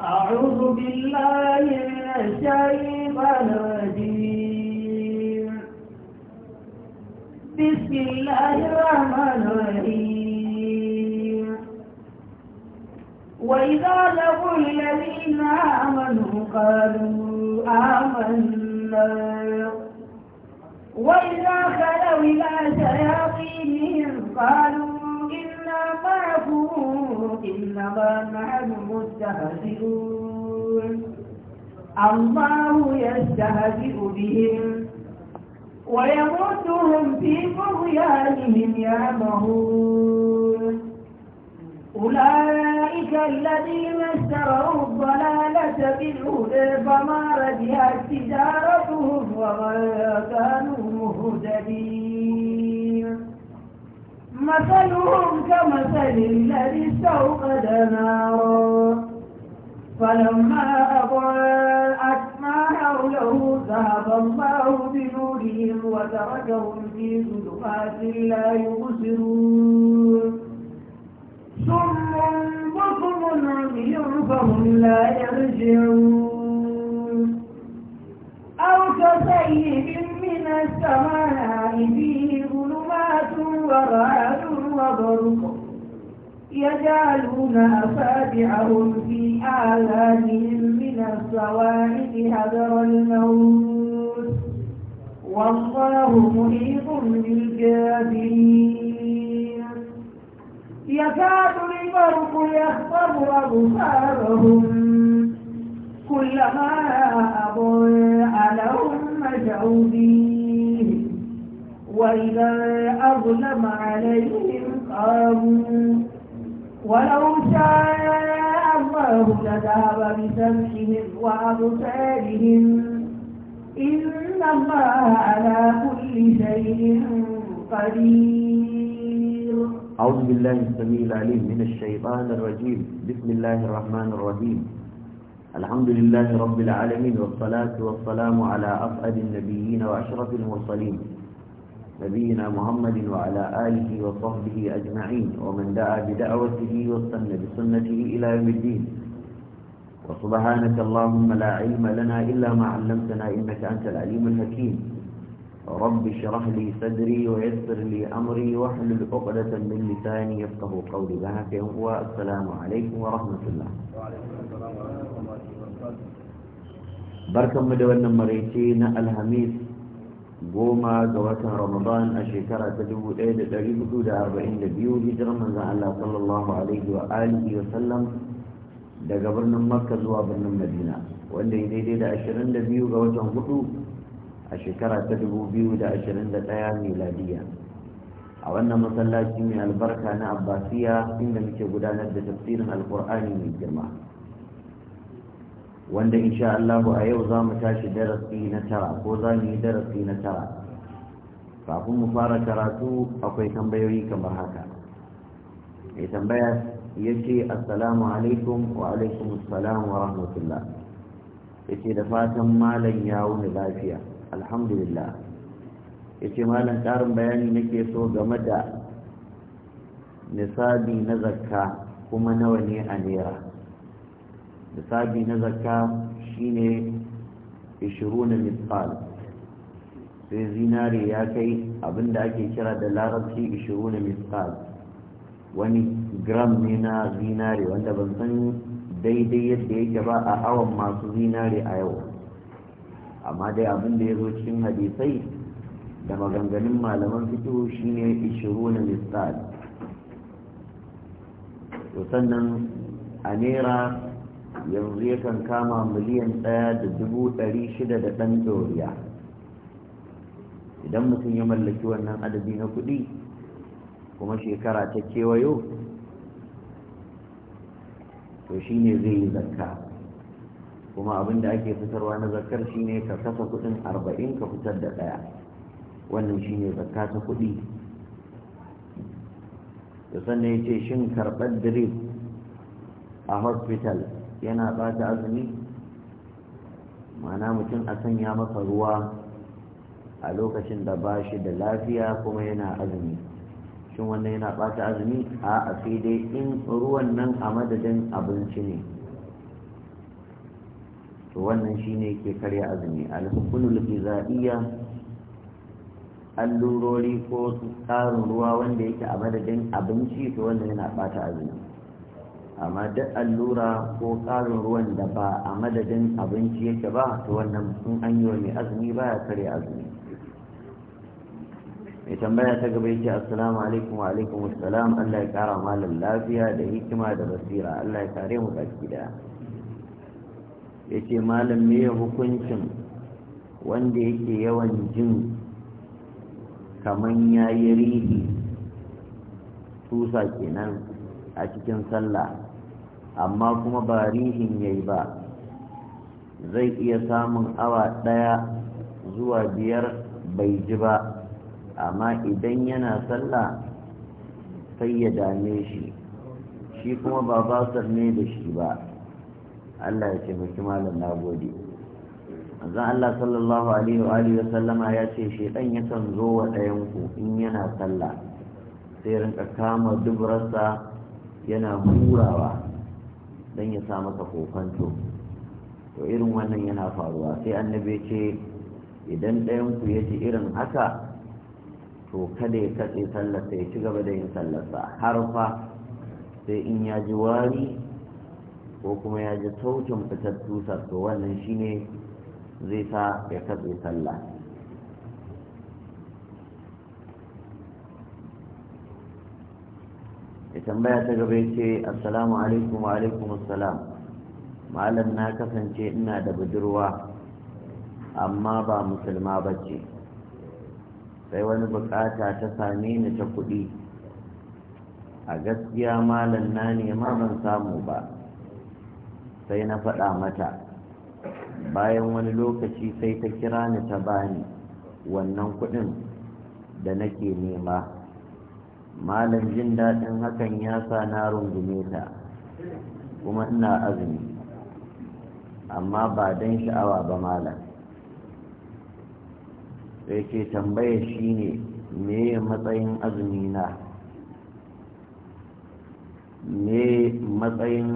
أعوذ بالله من الشيطان الرجيم بسم الله الرحمن الرحيم وإذا لقوا الذين آمنوا قالوا آمنا وإذا خلوا إلى شياطينهم قالوا إنا معكم إنما نحن مستهزئون الله يستهزئ بهم ويمدهم في طغيانهم يعمهون أولئك الذين اشتروا الضلالة بالهدى فما رجعت تجارتهم وما كانوا مهتدين مثلهم كمثل الذي استوقد نارا فلما أضاءت ما حوله ذهب الله بنورهم وتركهم في ظلمات لا يبصرون سم بكم عمي فهم لا يرجعون أو كسيب من السماء فيه وعاد وبرق يجعلون أصابعهم في آذانهم من الصواعق حذر الموت والله محيط بالكافرين يكاد البرق يخطب أبصارهم كلما أضيع لهم مشعوبين وإذا أظلم عليهم قاموا ولو شاء الله لذهب بسمعهم وأبصارهم إن الله على كل شيء قدير أعوذ بالله السميع العليم من الشيطان الرجيم بسم الله الرحمن الرحيم الحمد لله رب العالمين والصلاة والسلام على أفئد النبيين وأشرف المرسلين نبينا محمد وعلى آله وصحبه أجمعين ومن دعا بدعوته واستنى بسنته إلى يوم الدين وسبحانك اللهم لا علم لنا إلا ما علمتنا إنك أنت العليم الحكيم رب اشرح لي صدري ويسر لي أمري واحلل عقدة من لساني يفقه قولي ذاك والسلام عليكم ورحمة الله وعليكم السلام ورحمة الله وبركاته بركة مدونة مريتين الهميس goma ga watan ramadan a shekara ta 1442 hijirar manzan Allah sallallahu alaihi wa alihi wa sallam daga birnin makka zuwa birnin madina wanda ya daidai da 22 ga watan hudu a shekara ta 2021 miladiya a wannan masallaci mai albarka na abbasiya inda muke gudanar da tafsirin alkur'ani mai girma wanda insha Allah a yau za mu tashi darasi na tara ko za mu yi darasi na tara kafin mu fara karatu akwai tambayoyi kamar haka mai tambaya ya ce assalamu alaikum wa alaikum assalam wa rahmatullah ya ce da fatan malam ya wuni lafiya alhamdulillah ya ce malam ƙarin bayani nake so game da nisabi na zakka kuma nawa ne a naira nisabi na zakka shine 20 misal sai zinare ya kai abinda ake kira da larabci 20 misal wani gram ne na zinare wanda ban san daidai yadda yake ba a awon masu zinare a yau amma dai abinda ya zo cikin hadisai da maganganun malaman fito shine 20 misal to sannan a naira yanzu yakan kama miliyan ɗaya da dubu ɗari shida da ɗan doriya idan mutum ya mallaki wannan adadi na kuɗi kuma shekara ta kewayo to shi ne zai yi zakka kuma abin da ake fitarwa na zakkar shi ne ka kasa kuɗin arba'in ka fitar da ɗaya wannan shi ne zakka ta kuɗi da sannan ya ce shin karɓar drip a hospital yana bata azumi mana mutum a sanya maka ruwa a lokacin da ba shi da lafiya kuma yana azumi shin wannan yana bata azumi a a sai dai in ruwan nan a madadin abinci ne to wannan shine ke karya azumi alhukunul gizaiya allurori ko tsarin ruwa wanda yake a madadin abinci to wannan yana bata azumi amma duk allura ko ƙarin ruwan da ba a madadin abinci yake ba to wannan sun an yi wa mai azumi ba ya kare azumi mai tambaya ta gaba yake assalamu alaikum wa alaikum assalam Allah ya kara malam lafiya da hikima da basira Allah ya kare mu baki daya yace malam me ya hukuncin wanda yake yawan jin kaman yayi rihi tusa kenan a cikin sallah amma kuma ba rihin yayi ba zai iya samun awa ɗaya zuwa biyar bai ji ba amma idan yana sallah sai ya dame shi shi kuma ba ba ne da shi ba Allah ya taimaki malam na gode Zan Allah sallallahu alaihi wa sallama ya ce ɗan yakan zo wa ɗayanku in yana sallah sai rinka kama dubrarsa yana hurawa don ya sa masa kofanto to irin wannan yana faruwa sai annabi ce idan ɗayan ku ya ji irin haka to kada ya katse sallarsa ya ci gaba da yin sallarsa har fa sai in ya ji wari ko kuma ya ji sautin fitar tusar to wannan shine zai sa ya katse sallah ya tambaya ta gaba ce assalamu alaikum wa alaikum assalam malam na kasance ina da budurwa amma ba musulma ba ce sai wani bukata ta same ni ta kuɗi a gaskiya malam na nema ban samu ba sai na faɗa mata bayan wani lokaci sai ta kira ni ta bani wannan kuɗin da nake nema malam jin daɗin hakan ya sa na rungume ta kuma ina azumi amma ba don sha'awa ba malam sai ke tambaya shine meye matsayin azumi na me matsayin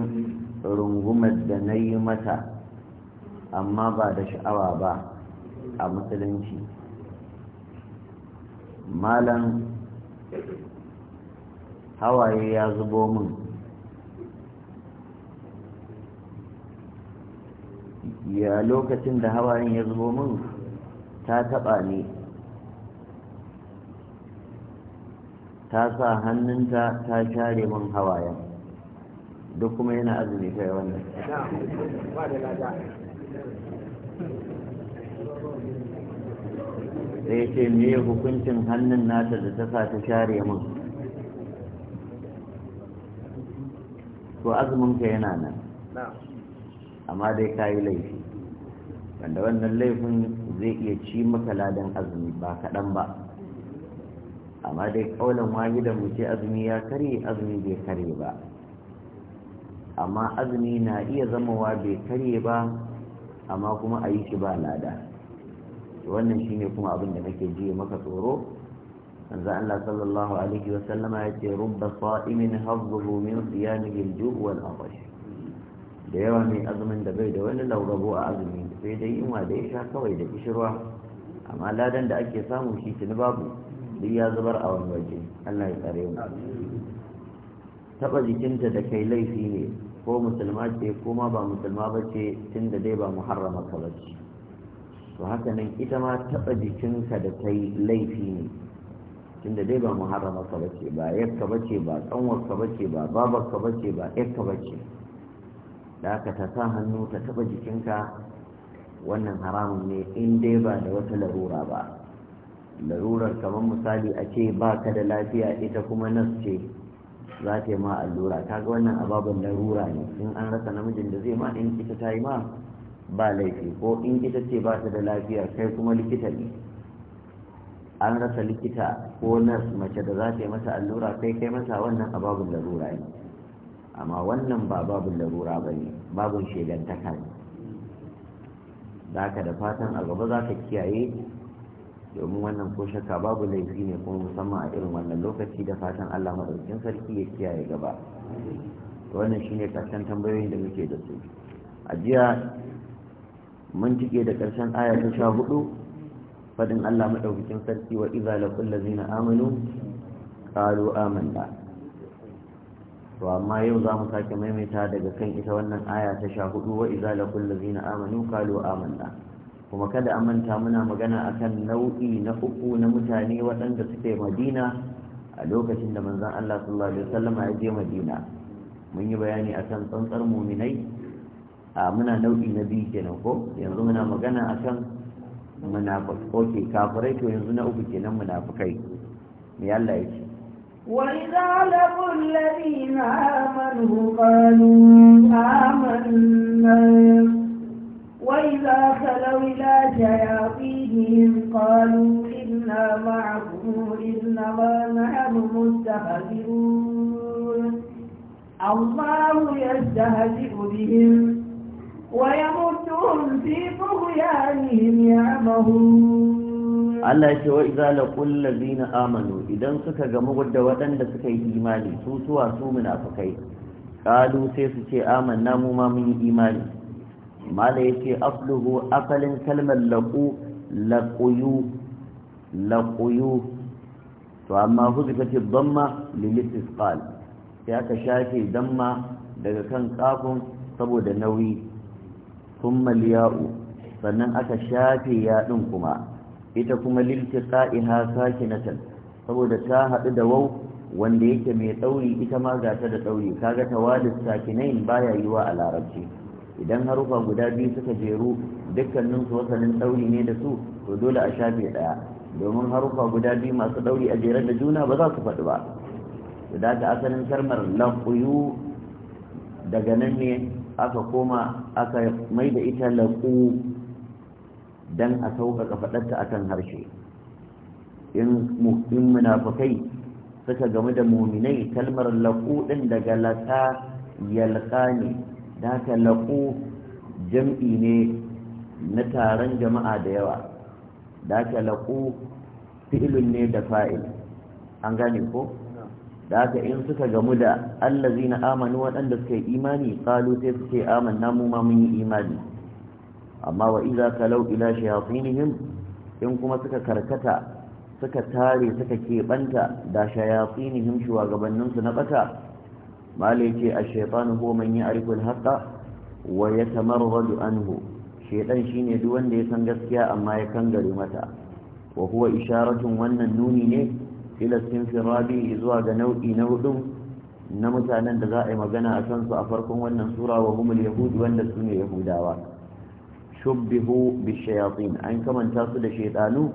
rungumar da na yi mata amma ba da sha'awa ba a musulunci malam hawaye ya zubo min ya lokacin da hawayen ya zubo min ta taɓa ni ta sa hannunta ta share min hawayen duk kuma yana azumi kai wannan sai ce me hukuncin hannun nata da ta sa ta share min to azumin ka yana nan amma dai ka yi laifi wanda wannan laifin zai iya ci maka ladan azumi ba kaɗan ba amma dai kaulan wahidan da muke azumi ya karye azumi bai karye ba amma azumi na iya zamawa bai karye ba amma kuma a yi shi ba lada wannan shine kuma abin da nake ji maka tsoro manzo Allah sallallahu alaihi wa sallama yace rubba sa'imin hazzuhu min siyamihi al wal da yawa mai azumin da bai da wani laurabo a azumi sai dai yunwa da ya sha kawai da kishirwa amma ladan da ake samu shi tuni babu duk ya zubar a wani waje Allah ya tsare mu taba jikinta da kai laifi ne ko musulma ce ko ma ba musulma ba ce tunda dai ba muharrama ka ba ce to haka nan ita ma taba jikinka da kai laifi ne tunda dai ba muharrama ka bace ba yakka bace ba kanwar ka bace ba babar ka bace ba yakka bace da aka ta sa hannu ta taba jikinka wannan haramun ne in dai ba da wata larura ba larurar kamar misali a ce ba ka da lafiya ita kuma nas ce za ta yi ma allura kaga wannan ababen larura ne in an rasa namijin da zai ma in ita ta yi ma ba laifi ko in ita ce ba ta da lafiya kai kuma likita ne an rasa likita ko na mace da za ta yi masa allura kai kai masa wannan a babun larura ne amma wannan ba babun larura ba ne babun shegantaka ne da ka da fatan a gaba za ka kiyaye domin wannan ko shakka babu laifi ne kuma musamman a irin wannan lokaci da fatan allah maɗaukin sarki ya kiyaye gaba wannan shine karshen tambayoyin da muke da su a jiya mun cike da ƙarshen aya ta sha hudu fadin Allah madaukakin sarki wa idza laqul ladzina amanu qalu amanna to amma yau za mu sake maimaita daga kan ita wannan aya ta 14 wa idza laqul ladzina amanu qalu amanna kuma kada a manta muna magana akan nau'i na uku na mutane waɗanda suke Madina a lokacin da manzon Allah sallallahu alaihi wasallam ya je Madina mun yi bayani akan tsantsar muminai a muna nau'i na biyu kenan ko yanzu muna magana akan munafik ok kafirai to yanzu na uku kenan munafikai me Allah ya ce وإذا لقوا الذين آمنوا قالوا آمنا وإذا خلوا إلى شياطينهم قالوا إنا معكم إنما نحن مستهزئون الله يستهزئ بهم ويمتهم في طغيانهم يعمهون Allah ya ce wa la laqul ladina amanu idan suka gamu da waɗanda suka yi imani su suwa su munafikai qalu sai su ce amanna mu ma mun yi imani mala ce afluhu afalin kalmar laqu laquyu laquyu to amma huzifat dhamma lil istisqal sai aka shafe damma daga kan kafin saboda nauyi thumma liya'u sannan aka shafe yaɗin kuma ita kuma liltiqa'iha sakinatan saboda ta hadu da wau wanda yake mai tsauri ita ma ga ta da tsauri kaga tawadis sakinain baya yiwa a larabci idan harufa guda biyu suka jeru dukkanin su wasanin tsauri ne da su to dole a shafe ɗaya domin harufa guda biyu masu tsauri a jere da juna ba za su faɗi ba da asalin kalmar laquyu daga nan ne aka koma aka mai da ita laƙu don a sauƙaƙa faɗarta a kan harshe in munafukai suka game da muminai kalmar laƙu ɗin daga laƙa yalƙa ne da haka laƙu jam'i ne na taron jama'a da yawa da haka laƙu fi'ilun ne da fa'il an gane ko da in suka gamu da na amanu waɗanda suka yi imani kalu sai suke aman amanna ma mun yi imani amma wa idza kalau ila shayatinihim in kuma suka karkata suka tare suka keɓanta da shayatinihim shugabannin su na bata mala ce ash-shaytanu huwa man ya'rifu al-haqqa wa yatamarradu anhu shaytan shine duk wanda ya san gaskiya amma ya kangare mata wa huwa isharatun wannan nuni ne ila sinfiradi zuwa ga nau'i na hudu na mutanen da za a yi magana a kansu a farkon wannan sura wa humul yahudi wanda su ne yahudawa shubbihu bishayatin an kamanta su da shaydanu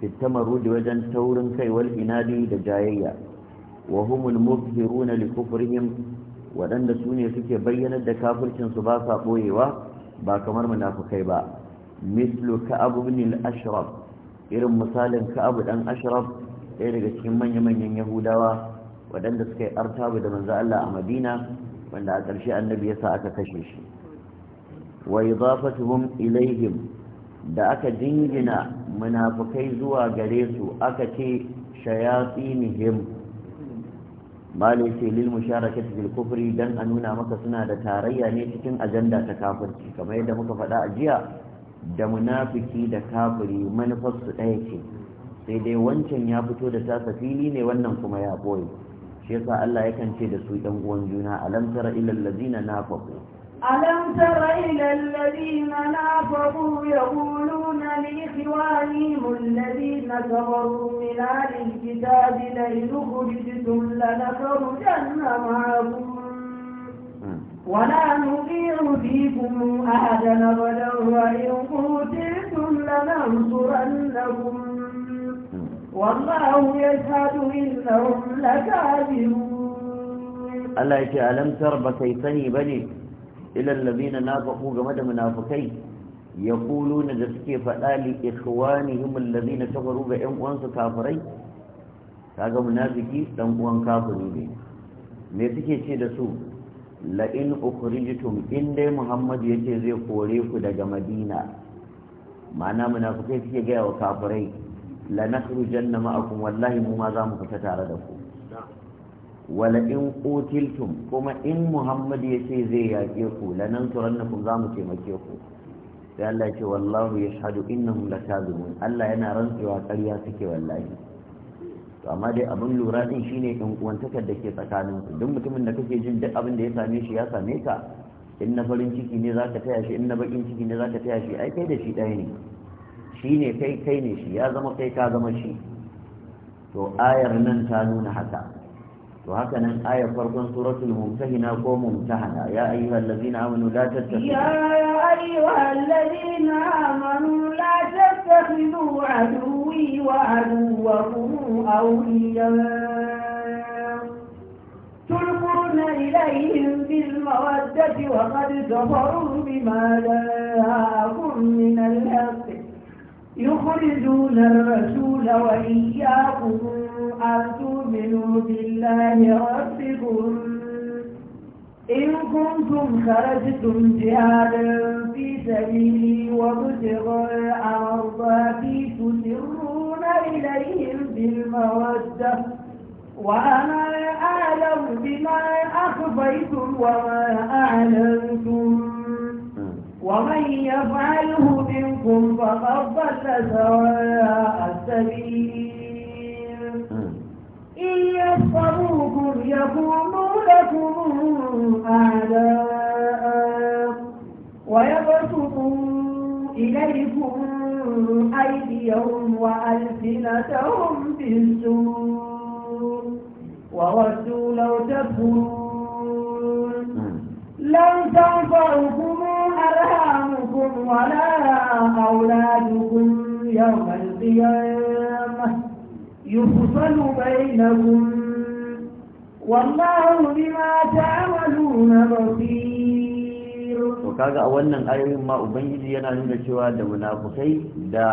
fitamarudi wajen taurin kai wal inadi da jayayya wa humul mubhiruna li kufrihim waɗanda su ne suke bayyanar da kafircin su ba sa boyewa ba kamar munafukai ba mislu ka'ab ibn al-ashraf irin misalin ka'ab dan ashraf ɗaya daga cikin manya-manyan yahudawa waɗanda suka yi artabu da manzo Allah a madina wanda a ƙarshe annabi ya sa aka kashe shi wa idafatuhum ilaihim da aka jingina munafukai zuwa gare su aka ce shayatinihim malai ce lil musharakati bil kufri dan a nuna maka suna da tarayya ne cikin ajanda ta kafirci kamar yadda muka faɗa a jiya da munafuki da kafiri manufarsu ɗaya ce sai dai wancan ya fito da tasa fili ne wannan kuma ya boye shi yasa Allah yakan ce da su ɗan uwan juna alam tara ila allazina nafaqu alam tara ila allazina nafaqu yaquluna li ikhwanihim allazina kafaru min ahli alkitabi la yukhrijtum lanakhrujanna ma'akum ولا نطيع فيكم أحدا ولو إن قتلتم لننصرنكم والله يشهد إنهم لكاذبون الله يشاء لم ترب كيفني بني إلى الذين نافقوا جمد منافقين يقولون لسكي فآل إخوانهم الذين كفروا بأم وانس كافرين kaga munafiki dan uwan kafiri ne me suke ce da su la in ukhrijtum in dai muhammad yace zai kore ku daga madina Mana munafikai suke ga wa kafirai la nakhrujanna ma'akum wallahi mu ma za mu fita tare da ku wala in qutiltum kuma in muhammad yace zai yake ku lanansurannakum za mu taimake ku sai Allah ce wallahu yashhadu innahum lakazibun Allah yana rantsewa ƙarya suke wallahi to amma dai abin lura din shine in uwantakar da ke tsakanin ku duk mutumin da kake jin duk abin da ya same shi ya same ka in na farin ciki ne zaka taya shi in na bakin ciki ne zaka taya shi ai kai da shi ɗaya ne shi ne kai kai ne shi ya zama kai ka zama shi to ayar nan ta nuna haka to haka nan ayar farkon suratul mumtahina ko mumtahana ya ayyuhal ladina amanu la tattakhidhu ya ayyuhal ladina amanu la tattakhidhu aduwwi wa aduwwakum awliya تلقون إليهم بالمودة وقد كفروا بما جاءكم من الحق يخرجون الرسول وإياكم أن تؤمنوا بالله ربكم إن كنتم خرجتم جهادا في سبيلي وابتغاء مرضاتي تسرون إليهم بالمودة وأنا أعلم بما أخفيتم وما أعلنتم ومن يفعله منكم فقد ضل سواء السبيل إن يصبوكم يكونوا لكم أعداء ويبسطوا إليكم أيديهم وألسنتهم بالسوء وودوا لو تكفرون لن تنفعكم أرهامكم ولا أولادكم يوم القيامة يفصل بينكم والله بما تعملون بصير وكذا أولا أيوم ما أبنجي ينا نجد شواء لمنافقين دا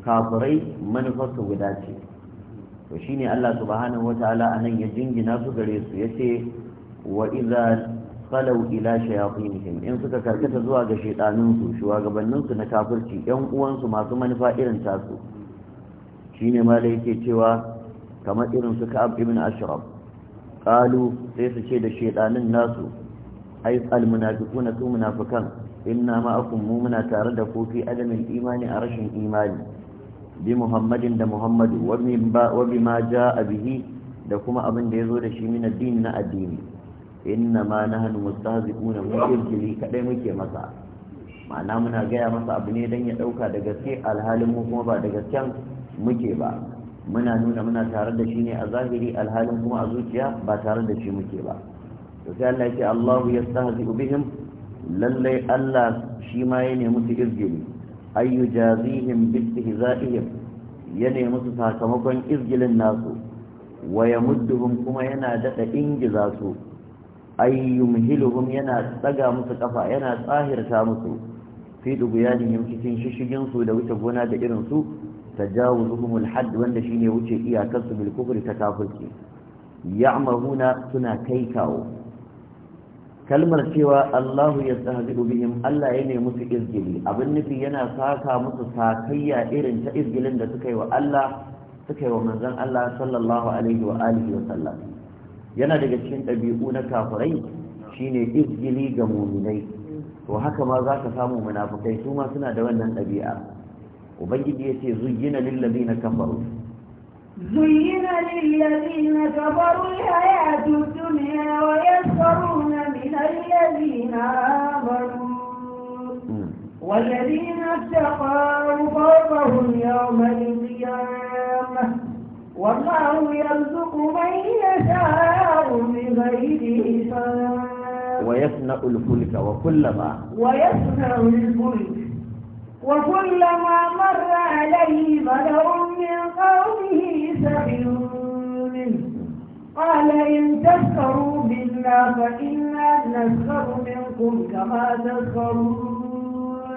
kafirai manufarsu guda ce to shine Allah subhanahu wataala anan ya jingina su gare su yace wa idza falau ila shayatinihim in suka karkata zuwa ga shaidaninsu shugabanninsu na kafirci yan uwansu masu manufa irin tasu shine ma da yake cewa kamar irin su ka'ab ibn ashraf qalu sai su ce da shaidanin nasu ai al munafiquna su munafikan inna ma'akum mu muna tare da kofi adamin imani a rashin imani bi muhammadin da muhammadu wa ma ja'a bihi da kuma abin da yazo da shi min addini na addini inna ma nahnu mustahzi'un mu kirkiri kadai muke masa ma'ana muna gaya masa abu ne dan ya dauka da gaske alhalin mu kuma ba da gasken muke ba muna nuna muna tare da shi ne a zahiri alhalin kuma a zuciya ba tare da shi muke ba to sai Allah yake Allahu yastahzi'u bihim lallai Allah shi ma ya musu su izgili ayyu jazihim bi istihza'ihim ya nemi musu sakamakon izgilin nasu wa yamudduhum kuma yana dada ingiza su Ayyum Hiluhum yana tsaga musu kafa yana tsahirta musu fi dubuyanihim cikin shishigin su da wuce gona da irin su tajawuzuhum alhadd wanda shine wuce iyakar su bil kufri ta kafirci ya'mahuna suna kai kawo kalmar cewa Allahu yastahzibu bihim Allah yana musu izgili abin nufi yana saka musu sakayya irin ta izgilin da suka yi wa Allah suka yi wa manzon Allah sallallahu alaihi wa alihi wa sallam yana daga cikin ɗabi'u na kafirai shine izgili ga muminai to haka ma za ka samu munafukai su ma suna da wannan ɗabi'a ubangiji ya ce zuyyina na kafaru زين للذين كفروا الحياة الدنيا ويسخرون من الذين آمنوا ويصنع الفلك وكلما ويصنع الفلك وكلما مر عليه ملأ من قومه سخروا منه قال إن تسخروا منا فإنا نسخر منكم كما تسخرون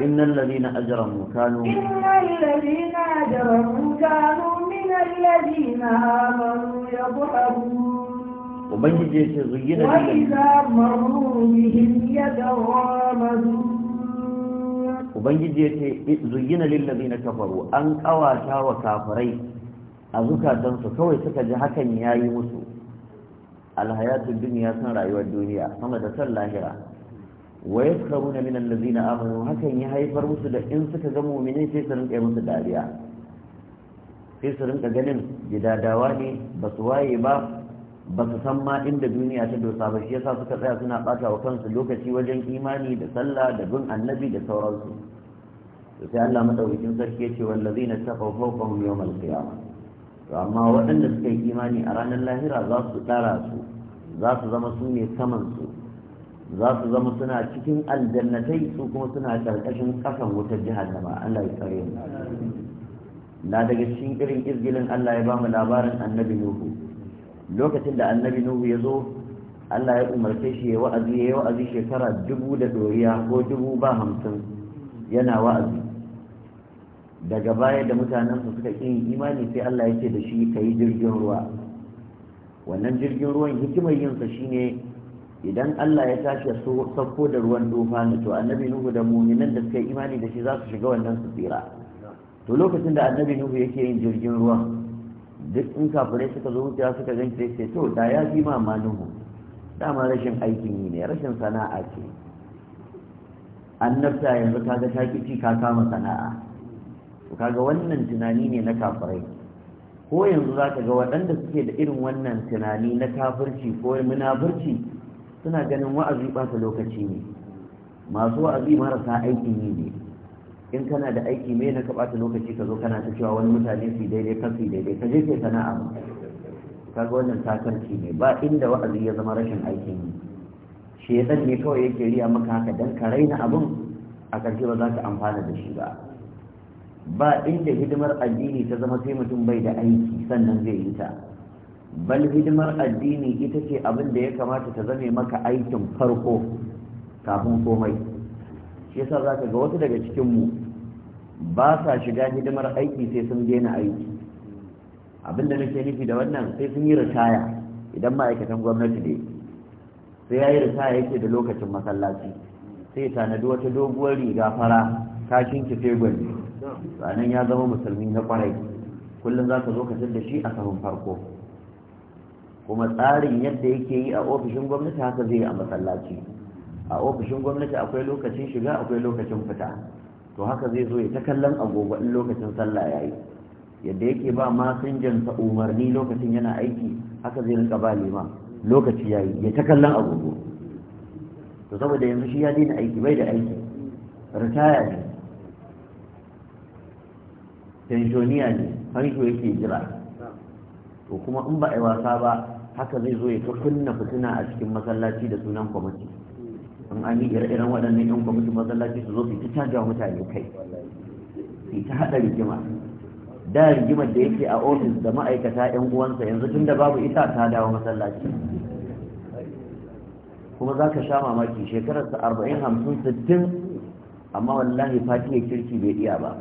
إن الذين أجرموا كانوا إن الذين أجرموا كانوا من الذين آمنوا يضحكون ubangiji ya ce zuyina da ubangiji ya ce zuyina lillazi na kafaru an kawata wa kafirai a zukatansu kawai suka ji hakan ya yi musu alhayatun duniya sun rayuwar duniya sama da san lahira wa minan min allazina amanu hakan ya haifar musu da in suka ga mu'minin sai su rinka musu dariya sai su rinka ganin gidadawa ne ba su waye ba ba su san ma inda duniya ta dosa ba shi yasa suka tsaya suna bata wa kansu lokaci wajen imani da sallah da bin annabi da sauransu to sai Allah madaukakin sarki ya ce wallazina taqaw fawqahum yawmal qiyamah to amma waɗanda suka yi imani a ranar lahira za su tsara su za su zama su ne saman su za su zama suna cikin aljannatai su kuma suna karkashin kasan wutar jahannama Allah ya tsare mu na daga cikin irin izgilin Allah ya ba mu labarin annabi Nuhu lokacin da annabi nuhu ya zo allah ya umarce shi ya wa'azi ya yi wa'azi shekara dubu da doriya ko dubu ba hamsin yana wa'azi daga baya da mutanensu suka ƙin imani sai allah ya ce da shi ka yi jirgin ruwa wannan jirgin ruwan hikimar yinsa shine idan allah ya tashi ya sauko da ruwan tufani to annabi nuhu da muminan da suka yi imani da shi za su shiga wannan su tsira to lokacin da annabi nuhu yake yin jirgin ruwan duk in kafirai suka zo wucewa suka gan sai ce to da ya fi ma manuhu dama rashin aikin yi ne rashin sana'a ce annabta yanzu kaga ga kici ka kama sana'a to kaga wannan tunani ne na kafirai ko yanzu za ka ga waɗanda suke da irin wannan tunani na kafirci ko munafurci suna ganin wa'azi ɓata lokaci ne masu wa'azi marasa aikin yi ne in kana da aiki me na ka bata lokaci ka zo kana ta cewa wani mutane su daidai kan su daidai ka je ke sana'a kaga wannan takarci ne ba inda wa'azi ya zama rashin aikin yi ya ne kawai yake riya maka haka dan ka raina abun a ƙarshe ba za ka amfana da shi ba ba inda hidimar addini ta zama sai mutum bai da aiki sannan zai yi ta bal hidimar addini ita ce abin da ya kamata ta zame maka aikin farko kafin komai shi yasa za ka ga wasu daga cikinmu ba sa shiga hidimar aiki sai sun daina aiki abinda nake nufi da wannan sai sun yi ritaya idan ma'aikatan gwamnati ne sai ya yi ritaya yake da lokacin masallaci sai tanadi wata doguwar riga fara kashin kife gwani sanan ya zama musulmi na kwarai kullum za ka zo ka da shi a farko kuma tsarin yadda yake yi a ofishin gwamnati haka zai yi a masallaci a ofishin gwamnati akwai lokacin shiga akwai lokacin fita to haka zai zo ya ta kallon agogo in lokacin sallah ya yi. yadda yake ba masinjan sa umarni lokacin yana aiki haka zai rinka ba lima lokaci ya yi. ya ta kallon agogo to saboda yanzu shi ya daina aiki bai da aiki ritaya ne tensioniya ne hanko yake jira to kuma in ba a yi wasa ba haka zai zo ya ta kunna fitina a cikin masallaci da sunan kwamiti in an yi ire-iren waɗannan yan gwamnati masallaci su zo su ta caja mutane kai su ta haɗa rigima da rigimar da yake a ofis da ma'aikata yan uwansa yanzu tun da babu ita ta dawo masallaci kuma za ka sha mamaki shekarar sa arba'in hamsin sittin amma wallahi mai kirki bai iya ba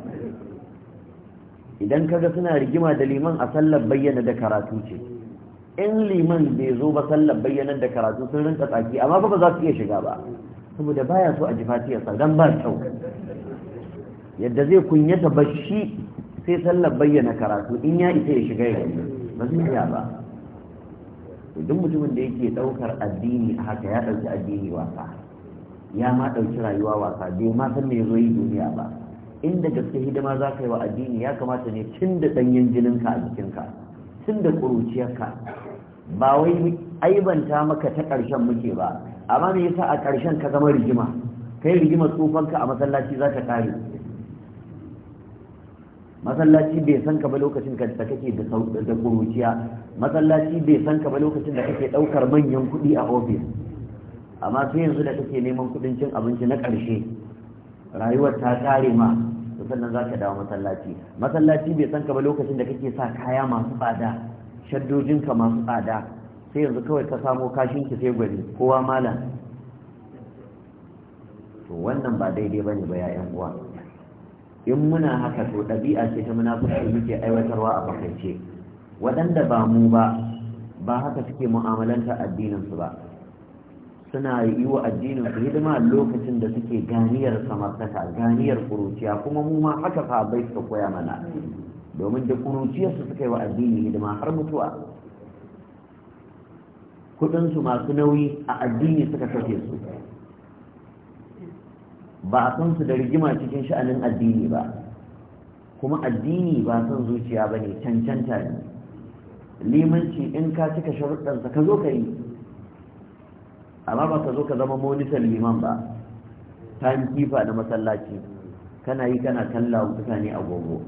idan kaga suna rigima da liman a sallar bayyana da karatu ce in liman bai zo ba sallar bayyanar da karatu sun rinka tsaki amma ba za su iya shiga ba saboda baya so a ji fatiyarsa don ba kyau yadda zai kunyata bashi sai sallar bayyana karatu in ya isa ya shiga ya ba zai iya ba duk mutumin da yake daukar addini a haka ya dauki addini wasa ya ma dauki rayuwa wasa bai ma san me zo yi duniya ba inda gaske hidima za ka yi wa addini ya kamata ne tun da danyen jininka a jikinka tun da ƙuruciyarka ba wai aibanta maka ta ƙarshen muke ba amma me yasa a ƙarshen ka zama rigima kai rigima tsofanka a masallaci za ta kare masallaci bai san ka ba lokacin da kake da kuruciya masallaci bai san ka ba lokacin da kake ɗaukar manyan kuɗi a ofis amma sai yanzu da kake neman kuɗin cin abinci na ƙarshe rayuwar ta ƙare ma sannan za ka dawo masallaci masallaci bai san ka ba lokacin da kake sa kaya masu tsada shaddojinka masu tsada sai yanzu kawai ka samo kashinki sai gwari kowa malam to wannan ba daidai ba ne ba yayan uwa in muna haka to ɗabi'a ce ta munafurci muke aiwatarwa a bakaice waɗanda ba mu ba ba haka suke mu'amalanta addininsu ba suna yi wa su hidima lokacin da suke ganiyar samartaka ganiyar kuruciya kuma mu ma haka fa bai suka koya mana domin da kuruciyarsu suka yi wa addini hidima har mutuwa kudinsu masu nauyi a addini suka kashe su ba a san su da rigima cikin sha'anin addini ba kuma addini ba son zuciya ba ne cancanta ne limanci in ka cika sharuɗansa ka zo ka yi amma ba ka zo ka zama monitor liman ba ta kifa da masallaci kana yi kana kalla mutane agogo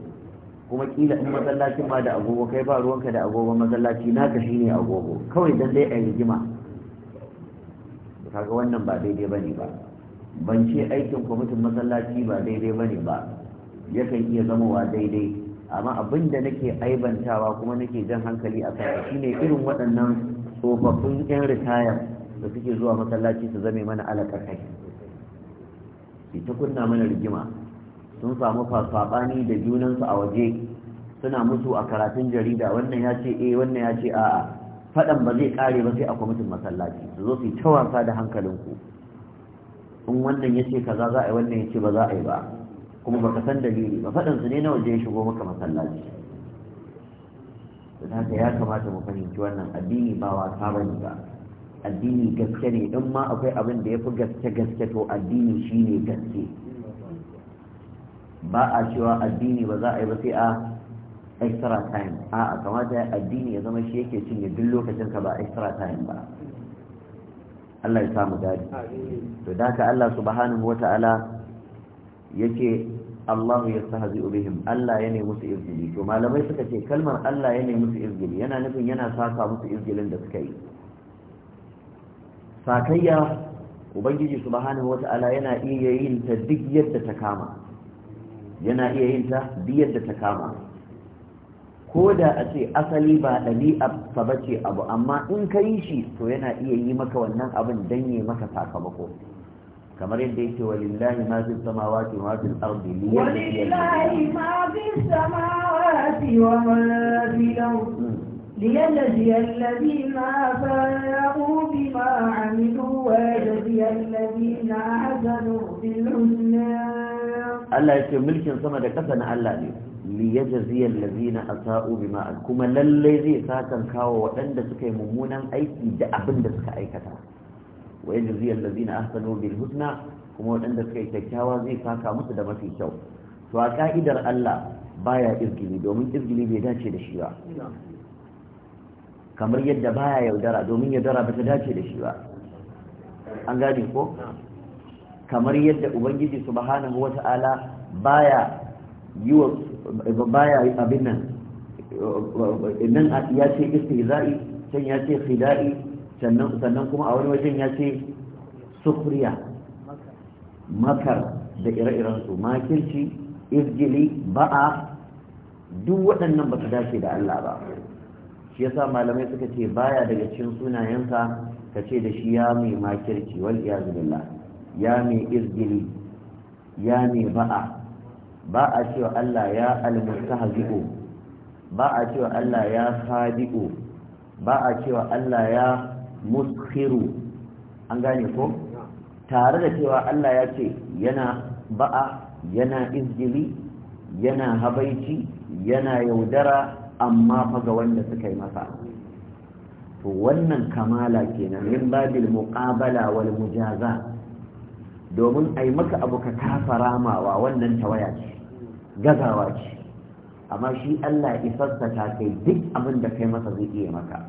kuma kila in masallacin ma da agogo kai ba ruwanka da agogo masallaci na naka shine agogo kawai dan dai a rigima kaga wannan ba daidai bane ba ban ce aikin kwamitin masallaci ba daidai bane ba yakan iya zamowa daidai amma abin da nake aibantawa kuma nake jan hankali a kai shine irin waɗannan tsofaffin yan ritaya da suke zuwa masallaci su zame mana alaƙa kai ta kunna mana rigima sun samu fasfabani da junansu a waje suna musu a karatun jarida wannan ya ce eh wannan ya ce a'a faɗan ba zai kare ba sai a kwamitin masallaci su zo su yi ta wasa da hankalinku in wannan ya ce kaza za a yi wannan ya ce ba za a yi ba kuma baka san dalili ba fadan su ne na waje ya shigo maka masallaci don haka ya kamata mu fahimci wannan addini ba wasa bane ba addini gaske ne in ma akwai abin da ya fi gaske gaske to addini shine gaske ba a cewa addini ba za a yi ba sai a extra time a a kamata addini ya zama shi yake cinye duk lokacin ka ba extra time ba Allah ya samu dadi to da ka Allah subhanahu wata'ala yake Allah ya sahazi ubihim, Allah ya nemi musu izgili to malamai suka ce kalmar Allah ya nemi musu izgili yana nufin yana saka musu izgilin da suka yi sakayya ubangiji subhanahu wata'ala yana iya yin ta duk yadda ta kama yana iya yin ta biyar da ta kama ko da a ce asali ba ɗabi'a ka ce abu amma in ka yi shi to yana iya yi maka wannan abin don yi maka sakamako kamar yadda yake walillahi ma fi wa fil ardi li walillahi ma fi ليجزي الذين آفاقوا بما عملوا ويجزي الذين أحسنوا بالحسنى الله يكي ملك سما da ƙasa na Allah ne li yajzi allazina asa'u bima kuma lalle zai sakan kawo waɗanda suka yi mummunan aiki da abin da suka aikata wa yajzi allazina ahsanu bil kuma waɗanda suka yi kyakkyawa zai saka musu da mafi kyau to a ka'idar Allah baya izgili domin izgili bai dace da shi ba kamar yadda baya yaudara domin yaudara ba ta dace da shi ba an gane ko kamar yadda ubangiji subhanahu wata'ala baya yiwa baya abin nan nan ya ce istihza'i can ya ce khida'i sannan sannan kuma a wani wajen ya ce sufriya makar da ire-iren su makirci izgili ba'a duk waɗannan ba ta dace da Allah ba shi yasa malamai suka ce baya daga cikin sunayensa ka ce da shi ya mai makirci wal iyazu billah ya mai izgili ya mai ba'a ba a cewa Allah ya almustahzi'u ba a cewa Allah ya khadi'u ba a cewa Allah ya muskhiru an gane ko tare da cewa Allah ya ce yana ba'a yana izgili yana habaici yana yaudara amma fa ga wanda suka yi masa to wannan kamala kenan min babil muqabala wal mujaza domin ai maka abu ka kafa ramawa wannan tawaya ce gazawa ce amma shi Allah isarsa ta kai duk abin da kai masa zai iya maka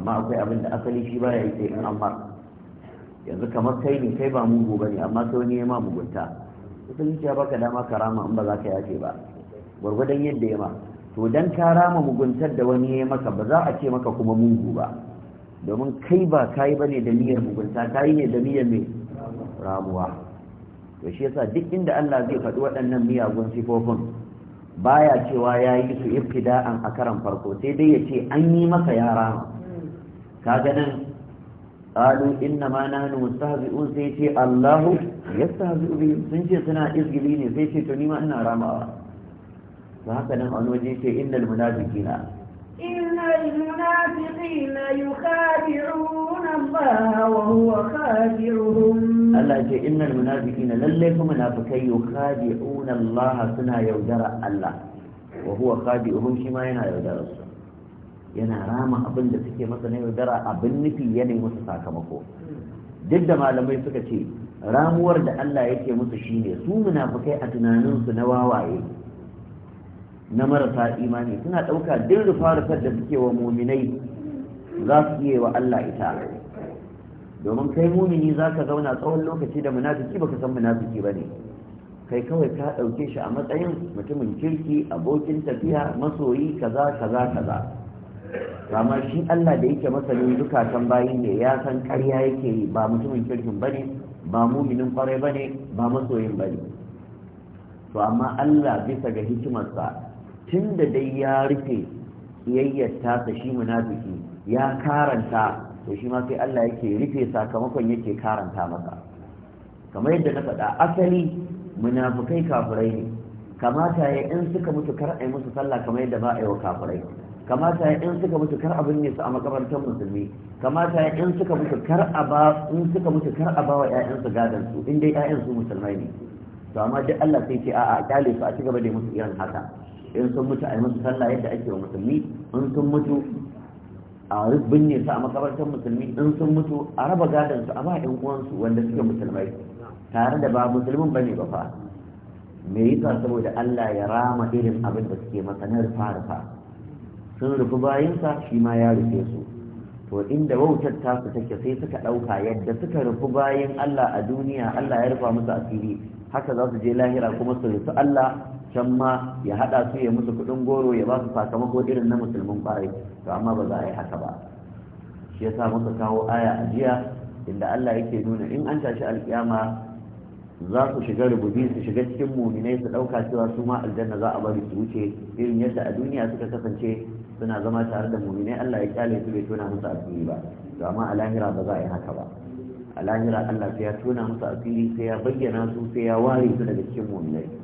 amma akwai abin da asali shi baya yi sai in amma yanzu kamar kai ne kai ba mugu bane amma sai wani ya ma mugunta asali ya baka dama karama in ba za ka yace ba gwargwadon yadda ya ma to dan ka rama muguntar da wani ya maka ba za a ce maka kuma mungu ba domin kai ba kayi bane da niyyar mugunta kayi ne da niyyar mai ramuwa to shi yasa duk inda Allah zai faɗi waɗannan miyagun sifofin baya cewa ya yi su ibtida'an a karan farko sai dai ya ce an yi maka ya rama kaga nan qalu inna ma nahnu mustahzi'un sai ce Allahu yastahzi'u bihim sun ce suna izgili ne sai ce to ni ma ina ramawa ba haka nan an waje ce innal munafiqina innal munafiqina yukhadi'una Allah wa huwa khadi'uhum Allah ce innal munafiqina lalle kuma munafikai yukhadi'una Allah suna yaudara Allah wa huwa khadi'uhum shi ma yana yaudara su yana rama abin da suke masa na yaudara abin nufi ya nemi musu sakamako duk da malamai suka ce ramuwar da Allah yake musu shine su munafikai a tunaninsu na wawaye na marasa imani suna ɗauka duk rufa-rufar da suke wa muminai za su iya wa Allah ita domin kai mumini za ka zauna tsawon lokaci da munafiki baka san munafiki ba ne kai kawai ka ɗauke shi a matsayin mutumin kirki abokin tafiya masoyi kaza kaza kaza amma shi Allah da yake masani zukatan bayin ne ya san ƙarya yake yi ba mutumin kirkin ba ne ba muminin kwarai ba ne ba masoyin ba ne to amma Allah bisa ga hikimarsa tun da dai ya rufe yayyata tasa shi munafiki ya karanta to shi ma sai Allah yake rufe sakamakon yake karanta masa kamar yadda na faɗa asali munafukai kafirai ne kamata ya in suka mutu kar a yi musu sallah kamar yadda ba a yi wa kafirai kamata ya in suka mutu kar a binne su a makarantar musulmi kamata ya in suka mutu kar a ba in suka mutu kar a ba wa su gadan su in dai ƴaƴan su musulmai ne to amma duk Allah sai ce a'a kyale su a cigaba da musu irin haka in sun mutu a yi musu sallah yadda ake wa musulmi in sun mutu a binne su a makabartar musulmi in sun mutu a raba gadon su a ba yan uwansu wanda suke musulmai tare da ba musulmin bane ba fa me yasa saboda Allah ya rama irin abin da suke rufa-rufa sun rufu bayansa shi ma ya rufe su to inda wautar su take sai suka ɗauka yadda suka rufi bayan Allah a duniya Allah ya rufa musu asiri haka za su je lahira kuma su rufi Allah can ma ya haɗa su ya musu kuɗin goro ya ba su sakamako irin na musulmin ƙwarai to amma ba za a yi haka ba shi yasa muka kawo aya a jiya inda Allah yake nuna in an tashi alƙiyama za su shiga rububi su shiga cikin muminai su ɗauka cewa su ma aljanna za a bari su wuce irin yadda a duniya suka kasance suna zama tare da muminai Allah ya kyale su bai tona musu asiri ba to amma a lahira ba za a yi haka ba a lahira Allah sai ya tona musu asiri sai ya bayyana su sai ya ware su daga cikin muminai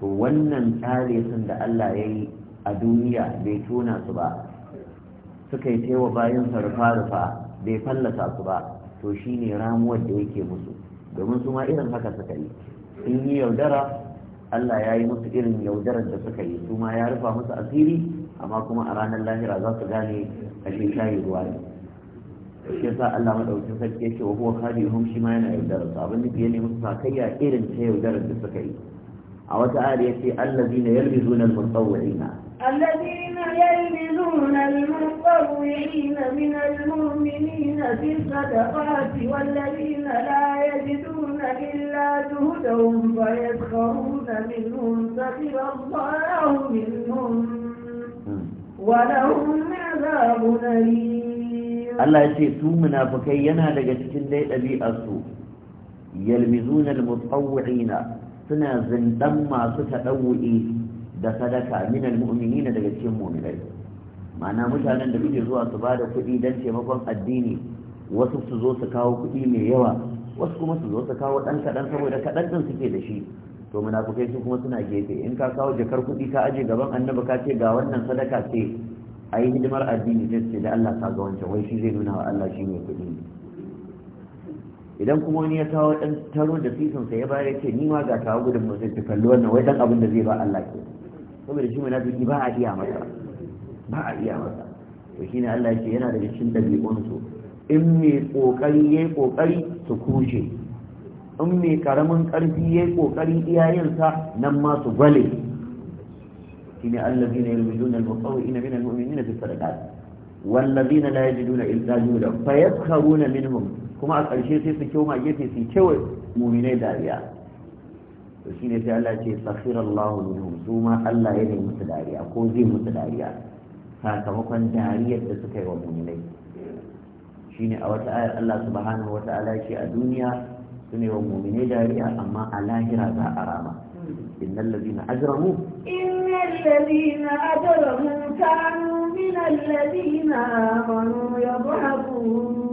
to wannan tsare sun da Allah ya yi a duniya bai tona su ba suka yi taiwa bayan sarfa-rufa bai fallasa su ba to shi ne ramuwar da yake musu domin su ma irin haka suka yi sun yi yaudara Allah ya yi musu irin yaudarar da suka yi su ma ya rufa musu asiri amma kuma a ranar lahira za su gane ashe shayi ruwa ne shi yasa Allah madaukakin sarki yake wa huwa hum shi ma yana yaudarar su abin da ya ne musu sakayya irin ta yaudarar da suka yi أو تعالى الذين يلبزون المتطوعين الذين يلبزون المتطوعين من المؤمنين في الصدقات والذين لا يجدون إلا جهدهم فيسخرون منهم سخر الله منهم ولهم عذاب أليم الله يأتي سوء منافقين هذا جسد لي أبي يلمزون المتطوعين suna zindan masu taɗawu'i da sadaka minal mu'minina daga cikin mu'minai ma'ana mutanen da suke zuwa su ba da kuɗi don taimakon addini wasu su zo su kawo kuɗi mai yawa wasu kuma su zo su kawo ɗan kaɗan saboda kaɗan ɗin suke da shi to munafukai su kuma suna gefe in ka kawo jakar kuɗi ka aje gaban annabi ka ce ga wannan sadaka ce a yi hidimar addini sai ce da Allah ka ga wancan wai shi zai nuna wa Allah shi ne kuɗi idan kuma wani ya kawo dan taro da sisin sa ya bayar ya ce ni ma ga kawo gudun mu zai kalli wannan wai dan abin da zai ba Allah ke saboda shi munafiki ba a iya masa ba a iya masa to shine Allah ce yana daga cikin dabi'un su in mai kokari yayi kokari su kushe in mai karamin karfi yayi kokari iyayensa nan ma su gwale shine allazina yulmiduna al-mutawwi'ina min al-mu'minina fi sadaqat والذين لا يجدون إلا جهدا فيسخرون منهم kuma a ƙarshe sai su kyoma gefe su kewa muminai dariya to ne sai Allah ce sakhirallahu minhum su ma Allah ya nemi musu dariya ko zai musu dariya sakamakon dariyar da suka yi wa muminai ne a wata ayar Allah subhanahu wa ta'ala ce a duniya su ne wa muminai dariya amma a lahira za a rama innal ladina ajramu innal ladina ajramu kanu min alladina amanu yadhhabun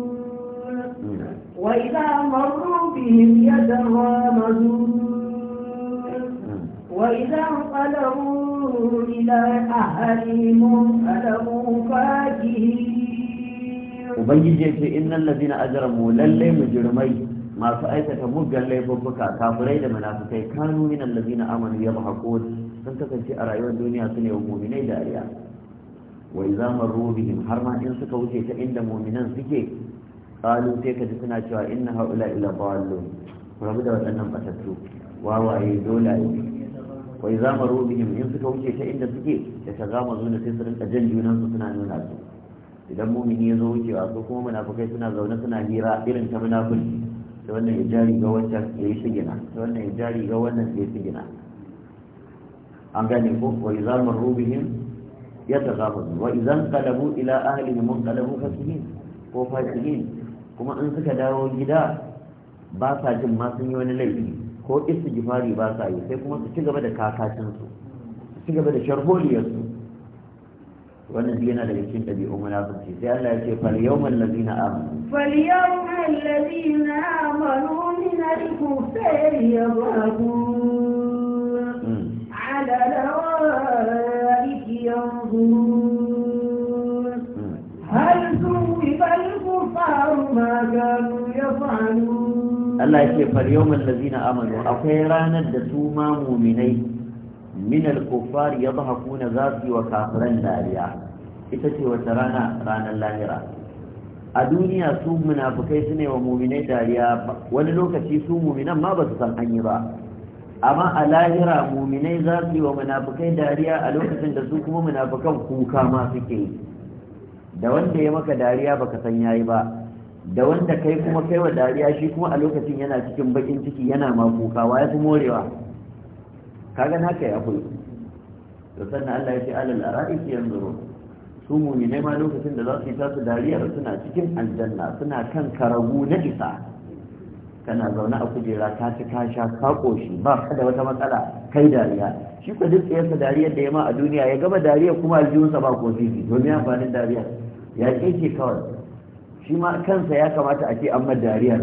وإذا مروا بهم يتغامزون وإذا انقلبوا إلى أهلهم انقلبوا فاكهين وبيجيك إن الذين أجرموا للي مجرمي ما فأيتك مجل لي ببكا كافرين من أفكي كانوا من الذين آمنوا يضحكون أنت تنسي أرأيوا الدنيا سنة ومؤمنين دائريا وإذا مروا بهم حرما إن سكوتي فإن مؤمنا سكي qalu sai kaji suna cewa inna haula ila dallun rabu da waɗannan batattu wawaye dolaye wa idza maru bihim in suka wuce ta inda suke da ta gama zuwa sai su rinka jan junan su suna nuna su idan mumini ya zo wucewa su kuma munafukai suna zaune suna hira irin ta munafiki ta wannan ya jari ga wancan ya yi shigina da wannan ya jari ga wannan ya yi shigina an gane ko wa idza maru bihim yataghafazun wai zan kalabu ila ahalin mun kalabu fasihin ko fasihin kuma in suka dawo gida ba sa jin ma sun yi wani laifi ko istighfari ba sa yi sai kuma su ci gaba da kakacinsu su ci gaba da sharholiyarsu wannan yana daga cikin ɗabi'un munafiki sai Allah ya ce fal yawmal na amanu fal yawmal ladina amanu min al-kufar yadhakun hmm. ala lawaiki yanzu. Allah Akwai ما كانوا يفعلون الله يكي kufar ya آمنوا kuna za su yi wa kafiran dariya ita ce wata rana ranar lahira a duniya su munafukai su ne wa muminai dariya wani lokaci su muminan ma ba su san an yi ba amma a lahira muminai za su yi wa munafukai dariya a lokacin da su kuma munafukan kuka ma suke da wanda ya maka dariya baka san yayi ba da wanda kai kuma kai wa dariya shi kuma a lokacin yana cikin bakin ciki yana ma makukawa ya fi morewa kaga na ya akwai da sannan Allah ya ce alal ki yanzuru su mu'minai ma lokacin da za su yi tasu dariyar suna cikin aljanna suna kan karagu na isa kana zaune a kujera ka ci ka sha ka koshi ba ka da wata matsala kai dariya shi ko duk tsayarsa dariyar da ya ma a duniya ya gaba dariyar kuma aljihunsa ba ko fifi domin amfanin dariyar ya ke kawai shi ma kansa ya kamata a ce an dariyar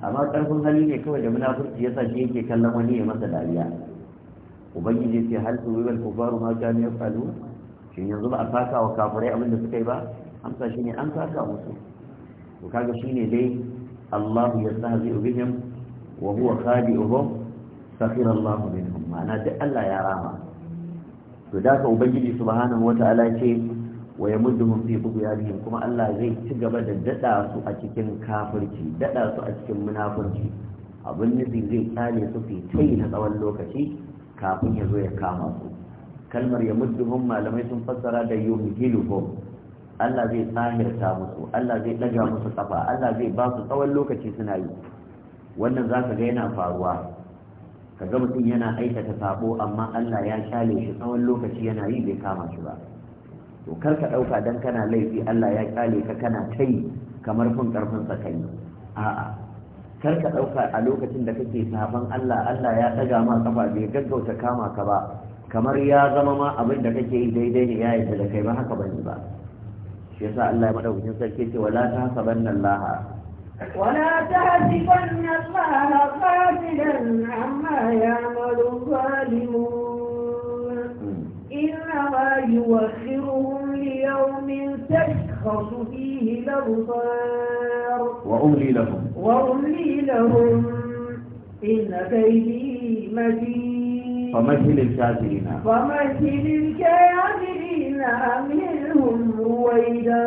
amma karfin hali ne kawai da munafurci yasa shi yake kallon wani ya masa dariya ubangiji ce hal su wibal kufaru ma kanu yafalu shi yanzu ba a saka wa kafirai abin da suka yi ba amsa shine an saka musu to kaga ne dai Allah ya sahabi bihim wa huwa khadi'uhum sakhira Allah minhum ma'ana da Allah ya rama to da ka ubangiji subhanahu ta'ala ce wa ya mun fi tughyanihim kuma Allah zai ci gaba da dada su a cikin kafirci dada su a cikin munafurci abin nufi zai tsare su fi tai na tsawon lokaci kafin ya zo ya kama su kalmar ya mun malamai sun fassara da yumhiluhum Allah zai tsahirta musu Allah zai daga musu kafa Allah zai ba su tsawon lokaci suna yi wannan zaka ga yana faruwa kaga mutum yana aikata sabo amma Allah ya kyale shi tsawon lokaci yana yi bai kama shi ba to kar ka ɗauka dan kana laifi Allah ya kyale ka kana ta yi kamar kun karfin kai a'a kar ka ɗauka a lokacin da kake safan Allah Allah ya ɗaga ma kafa bai gaggauta kama ka ba kamar ya zama ma abin da kake yi daidai ne ya yarda da kai ba haka bane ba shi yasa Allah ya madaukakin sarki ce wala tahsabanna Allah wala tahsabanna وأملي لهم إن كيدي متين فمثل الكافرين فمثل الكافرين أمهلهم رويدا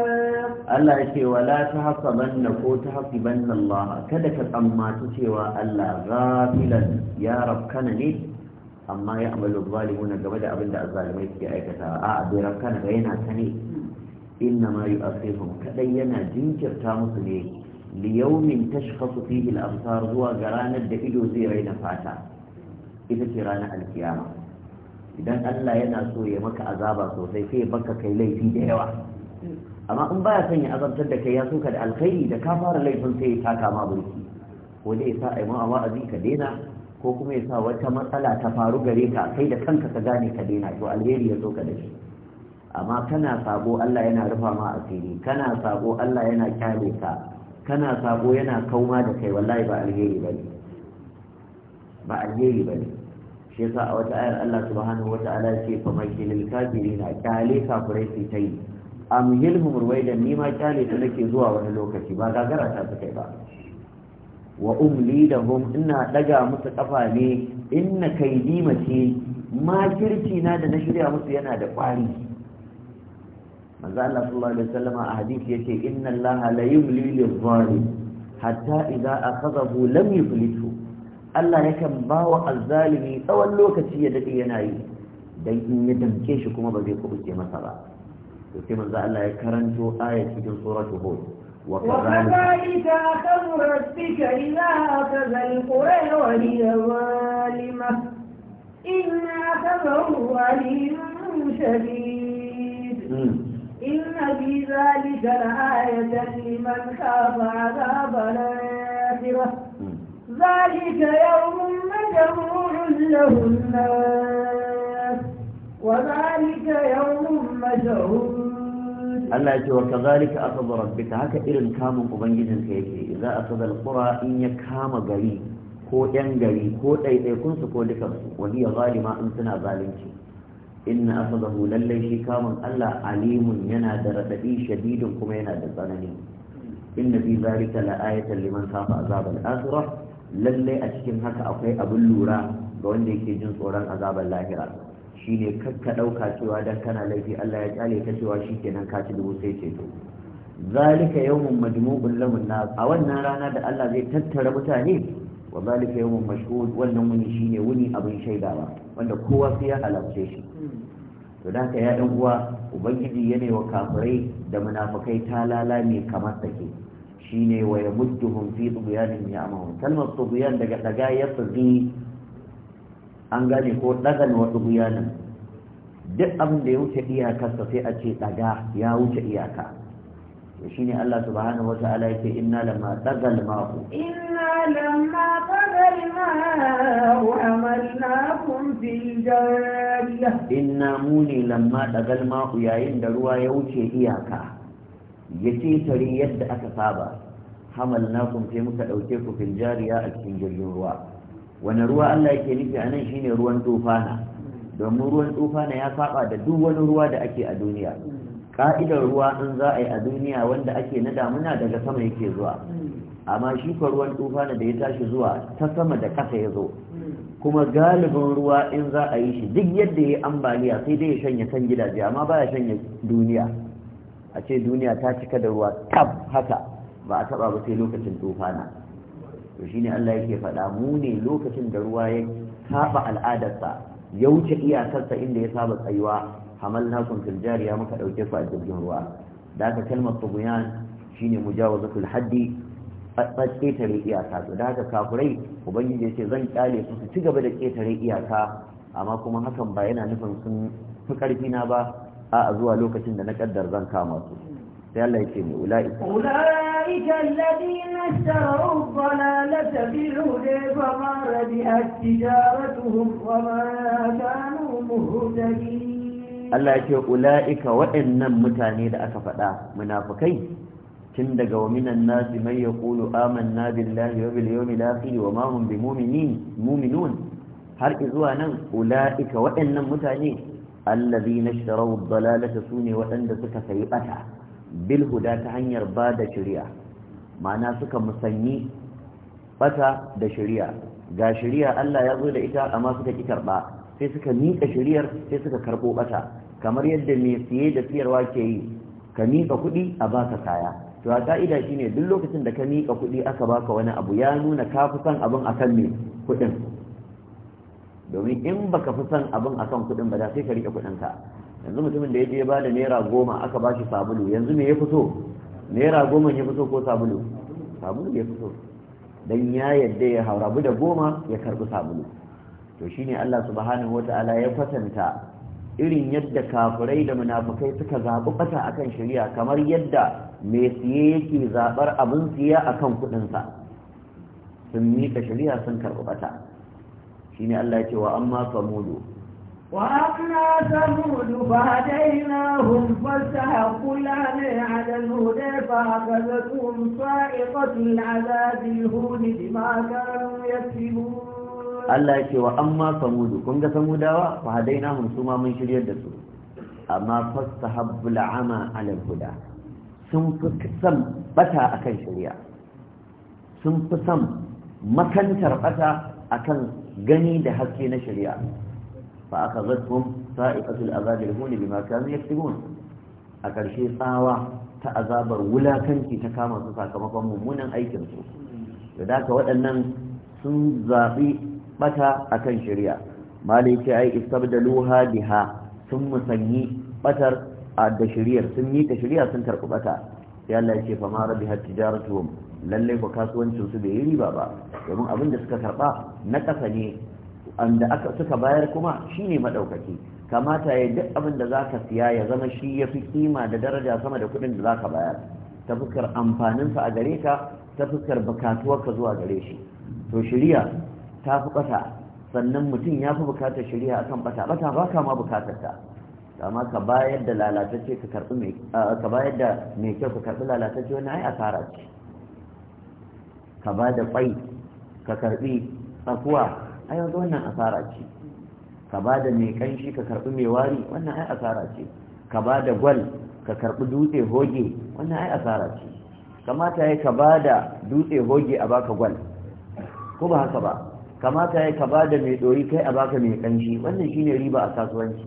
Allah ya ce wala ta hasaban na ko ta hasiban Allah kada ka tsammaci cewa Allah ghafilan ya rafkana ne amma ya amalu zalimuna game da abin da azzalimai suke aikata a'a bai rafkana ga yana ta ne inna ma yu'akhirhum kadai yana jinkirta musu ne liyaumin tashkhasu fihi al-absar zuwa ga ranar da ido zai raina fata ita ce ranar alkiyama idan Allah yana so ya maka azaba sosai sai ya baka kai laifi da yawa amma in baya son ya azabtar da kai ya ka da alkhairi da ka fara laifin sai ya taka ma burki ko dai ya sa yi mawa wa'azi ka daina ko kuma ya sa wata matsala ta faru gare ka kai da kanka ka gane ka daina to alheri ya soka da shi amma kana sabo Allah yana rufa ma asiri kana sabo Allah yana kyale ka kana sako yana kauma da kai wallahi ba alheri bane ba alheri bane shi yasa a wata ayar Allah subhanahu wata'ala yake fa makilil kafirina kyale kafirai su ta yi yilhum ruwaida ni ma kyale su nake zuwa wani lokaci ba gagara ta su kai ba wa umli lahum ina daga musu kafa ne inna kaidi mace kirki na da na shirya musu yana da kwari manzo Allah sallallahu alaihi wasallam a hadisi yace inna Allah la yumli lil zalim hatta idza akhadahu lam yuflithu Allah yakan bawa azzalimi tsawon lokaci ya dade yana yi dan in ya damke shi kuma ba zai kubuce masa ba to sai manzo Allah ya karanto ayat cikin suratu hud وكذلك أخذ ربك إذا أخذ القرى وهي ظالمة إن أخذه عليم شديد في ذلك لآية لمن خاف عذاب الآخرة ذلك يوم مجموع له الناس وذلك يوم مشهود Allah ya ce wa kazalika akhadha rabbika haka irin kamun ubangijinka yake a akhadha alqura in ya kama gari ko yan gari ko ɗaiɗaikunsu ko dukansu wani ya zalima in suna zalunci inna akhadahu lallai shi kamun Allah alimun yana da radadi shadidin kuma yana da tsanani inna fi zalika la ayatan liman khafa azab akhirah lallai a cikin haka akwai abin lura ga wanda yake jin tsoron azabar lahira shine ka dauka cewa dan kana laifi Allah ya kyale ka cewa shikenan ka ci dubu sai ceto zalika yawmun majmu'un lahun nas a wannan rana da Allah zai tattara mutane wa zalika yawmun mashhud wannan wuni shine wuni abin shaidawa wanda kowa sai ya halarce shi to da ka ya uwa ubangiji yana wa kafirai da munafikai talala ne kamar take shine wa yamudduhum fi ya ya'mahun kalmar tughyan daga daga ya tsazi an gane ko dagan wa tughyanin duk abin da ya wuce iyakarsa sai a ce daga ya wuce iyaka ne Allah subhanahu wata'ala yake inna lamma tagal ma'u inna lamma tagal ma'u kun fil jannah inna muni lamma tagal ma'u yayin da ruwa ya wuce iyaka ya tare yadda aka saba kun sai muka dauke ku fil jariya a cikin jirgin ruwa wani ruwa Allah yake nufi a nan shine ruwan tufana domin ruwan tufana ya saba da duk wani ruwa da ake a duniya ka'idar ruwa in za a yi a duniya wanda ake na damuna daga sama yake zuwa amma shi ruwan tufana da ya tashi zuwa ta sama da kasa ya zo kuma galibin ruwa in za a yi shi duk yadda ya yi ambaliya sai dai ya shanya kan gidaje amma baya shanya duniya a ce duniya ta cika da ruwa tab haka ba a taba ba sai lokacin tufana to shine Allah yake faɗa mu ne lokacin da ruwa ya kafa al'adarsa ya wuce iyakarsa inda ya saba tsayuwa حملناكم في الجارية مفعل كيف أدب جمروا ذاك كلمة طبيان شيني مجاوزة الحد قد إيتري إياسات وذاك كافري وبني جيسي ظن كالي سنسي تقبل إيتري إياسا أما كما حكم باينا نفن سن فكري فينا با أعزوها آه، لوكا سننا كدر ظن كاماتو يا الله يسيني أولئك أولئك الذين اشتروا الضلالة بالهدى فما ربحت تجارتهم وما كانوا مهتدين Allah ya ce ula'ika waɗannan mutane da aka faɗa munafukai tun daga wa minan nasi man yaqulu amanna billahi wa bil yawmil akhir wa ma hum bimu'minin mu'minun har zuwa nan ula'ika waɗannan mutane allazina ishtaraw ad-dalalata sune waɗanda suka sayi bata bil huda ta hanyar ba da shari'a ma'ana suka musanyi bata da shari'a ga shari'a Allah ya zo da ita amma suka ki karba sai suka miƙa shiriyar sai suka karɓo ɓata kamar yadda mai siye da siyarwa ke yi ka miƙa kuɗi a baka kaya to a ka'ida ne duk lokacin da ka miƙa kuɗi aka ba ka wani abu ya nuna ka fi son abin akan me kuɗin domin in ba ka fi son abin akan kuɗin ba da sai ka riƙe kuɗinka yanzu mutumin da ya je ba da naira goma aka ba shi sabulu yanzu me ya fi so naira goma ya fi so ko sabulu sabulu ya fi so don ya yadda ya bu da goma ya karɓi sabulu to ne Allah subhanahu ta'ala ya kwatanta irin yadda kafirai da munafukai suka zaɓi ɓata akan shari'a kamar yadda mai siye yake zaɓar abin siya akan kuɗinsa sun miƙa shari'a sun karɓi Shi ne Allah ya ce wa amma samudu وأما ثمود فهديناهم فاستحقوا العمي على الهدى فأخذتهم صائقة العذاب الهون بما كانوا يكسبون Allah ya ce wa amma samudu kun ga samudawa fa hadainahum su mun shiryar da su amma fastahabbul ama ala huda sun fi san bata akan shari'a sun fi san makantar bata akan gani da haske na shari'a fa akhadhatuhum sa'iqatul azab al bima kanu yaktubun a ƙarshe tsawa ta azabar wulakanci ta kama su sakamakon mummunan aikin su da haka waɗannan sun zaɓi bata akan shari'a malai ce ai istabdaluha biha sun musanyi batar da shari'ar sun yi ta shari'a sun karɓi bata ya Allah ya ce fa ma rabiha tijaratuhum lalle ko kasuwancin su bai yi riba ba domin abin da suka karba na kasa ne da aka suka bayar kuma shine madaukaki kamata ya duk abin da zaka siya ya zama shi ya fi kima da daraja sama da kuɗin da zaka bayar ta fuskar amfaninsa a gare ka ta fuskar ka zuwa gare shi to shari'a ta fi bata sannan mutum ya fi bukatar shari'a akan bata bata ba ka ma bukatar ta amma ka bayar da lalatacce ka karbi mai ka bayar da mai kyau ka karbi lalatacce wani ai asara ce ka ba da kwai ka karbi tsakuwa ai yanzu wannan asara ce ka ba da mai kanshi ka karbi mai wari wannan ai asara ce ka ba da gwal ka karbi dutse hoge wannan ai asara ce kamata ya ka ba da dutse hoge a baka gwal ko ba haka ba kamata ya ka ba da mai ɗori kai a baka mai ƙanshi wannan shine riba a kasuwanci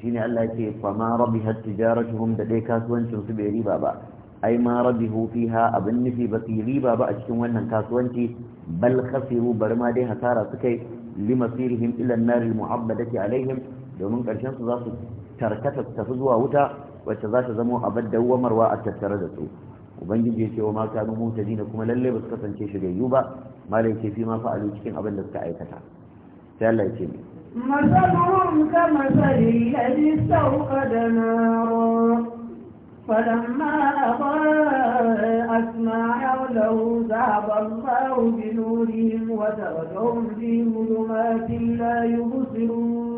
shi ne Allah ya ce fa ma rabihat tijaratuhum da dai kasuwancin su bai riba ba ai ma hufi ha abin nufi ba su riba ba a cikin wannan kasuwanci bal khasiru bar ma dai hasara suka yi limasirihim ila an-nar al-mu'abbadati alaihim domin karshen su za su tarkata tafi zuwa wuta wacce za ta zama abad dawwamarwa a tattare da su ubangiji ya ce wa mata nu mutadina kuma lalle ba su kasance shiryayyu ba malai ce fi ma fa'alu cikin abin da suka aikata sai Allah ya ce ni الذي استوقد نارا فلما أضاءت اسمع حوله ذهب الله بنورهم وتركهم في ظلمات لا يبصرون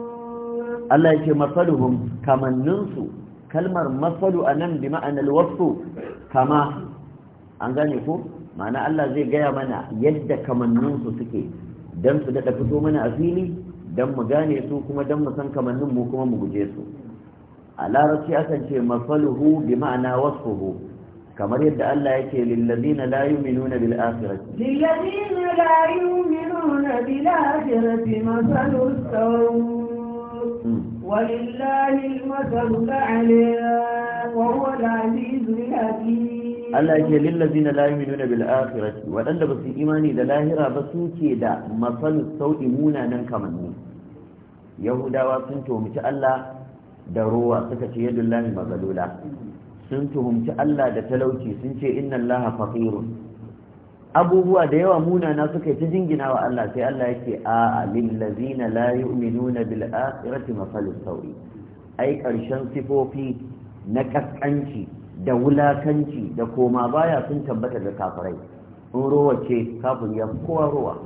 الله يجي مثلهم كمن ننسوا كلمة مثل أنم بمعنى الوصف kama an gane ku, ma'ana Allah zai gaya mana yadda kamanninsu suke don su daɗa fito mana a fili don mu gane su kuma don mu san kamannin mu kuma mu guje su a larabci akan ce mafaluhu bi ma'ana wasfuhu kamar yadda Allah yake lillazina la yu'minuna bil akhirati lillazina la yu'minuna bil akhirati masalus sawu hmm. ولله المثل الأعلى وهو العزيز الحكيم Allah ya ce lillazina la yu'minuna bil akhirati wadanda basu imani da lahira ba sun ce da masalus sau'i munanan kamanni yahudawa sun tuhumci Allah da ruwa suka ce yadullahi magalula sun tuhumci Allah da talauci sun ce inna allaha faqirun abubuwa da yawa munana suka yi ta jingina wa Allah sai Allah yake a lillazina la yu'minuna bil akhirati masalus sawi ai karshen sifofi na kaskanci da wulakanci da koma baya sun tabbata da kafirai in rowa ce kafir ya fi kowa rowa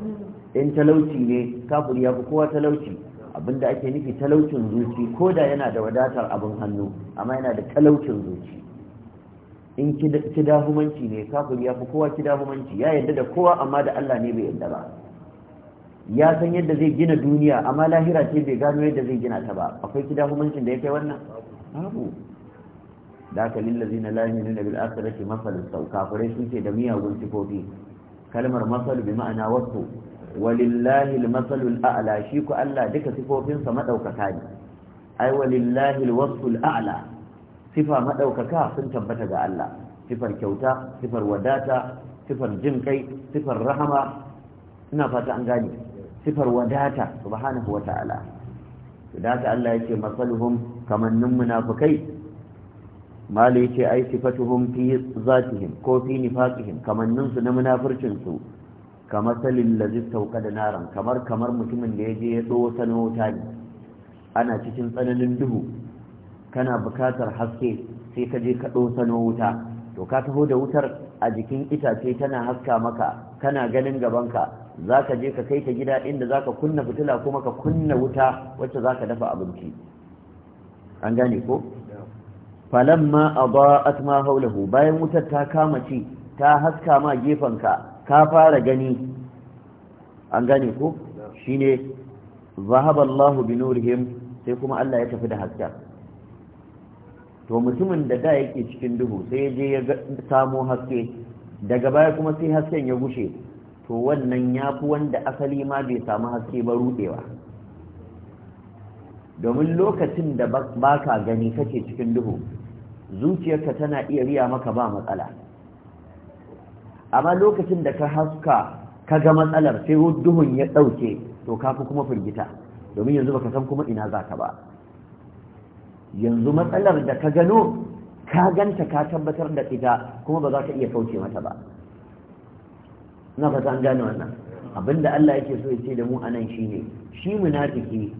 in talauci ne kafir ya fi kowa talauci abinda ake nufi talaucin zuci ko da yana da wadatar abin hannu amma yana da talaucin zuci in humanci ne kafin ya fi kowa humanci ya yadda da kowa amma da Allah ne bai yadda ba ya san yadda zai gina duniya amma lahira ce bai gano yadda zai gina ta ba akwai humancin da ya kai wannan abu da aka lillazi na lahi nuna bil ke masal sau kafirai sun ce da miyagun sifofi kalmar masal bi ma'ana wasu walillahi masalul a'la shi ku Allah duka sifofinsa maɗaukaka ne ai walillahi wasu al'a'la sifa madaukaka sun tabbata ga Allah sifar kyauta sifar wadata sifar jin kai sifar rahama ina fata an gane sifar wadata subhanahu wataala wadata Allah yake masaluhum kamannin munafikai mali yake ai sifatuhum fi zatihim ko fi nifaqihim kamannin su na munafircin su kamar salin lazi da naran kamar kamar mutumin da ya je ya tsowo sana wuta ne ana cikin tsananin duhu kana bukatar haske sai ka je ka ɗosano wuta to ka taho da wutar a jikin itace tana haska maka kana ganin gabanka za ka je ka kai ta gida inda za ka kunna fitila kuma ka kunna wuta wacce za ka dafa abinci an gane ko falamma adaa'at ma haulahu bayan wutar ta kama ci ta haska ma gefen ka fara gani an gane ko shine zahaba Allahu bi nurihim sai kuma Allah ya tafi da hasken to mutumin da da yake cikin duhu sai ya je ya samo haske daga baya kuma sai hasken ya gushe to wannan ya fi wanda asali ma bai samu haske ba rudewa domin lokacin da ba ka gani kake cikin duhu zuciyarka tana iya riya maka ba matsala amma lokacin da ka haska ka ga matsalar sai duhun ya ɗauke to ka kuma firgita domin yanzu ba ka san kuma ina za ka ba yanzu matsalar da ka gano ka ganta ka tabbatar da ita kuma ba za ka iya kauce mata ba na fata an gane wannan abinda Allah yake so ya ce da mu anan shine shi munafiki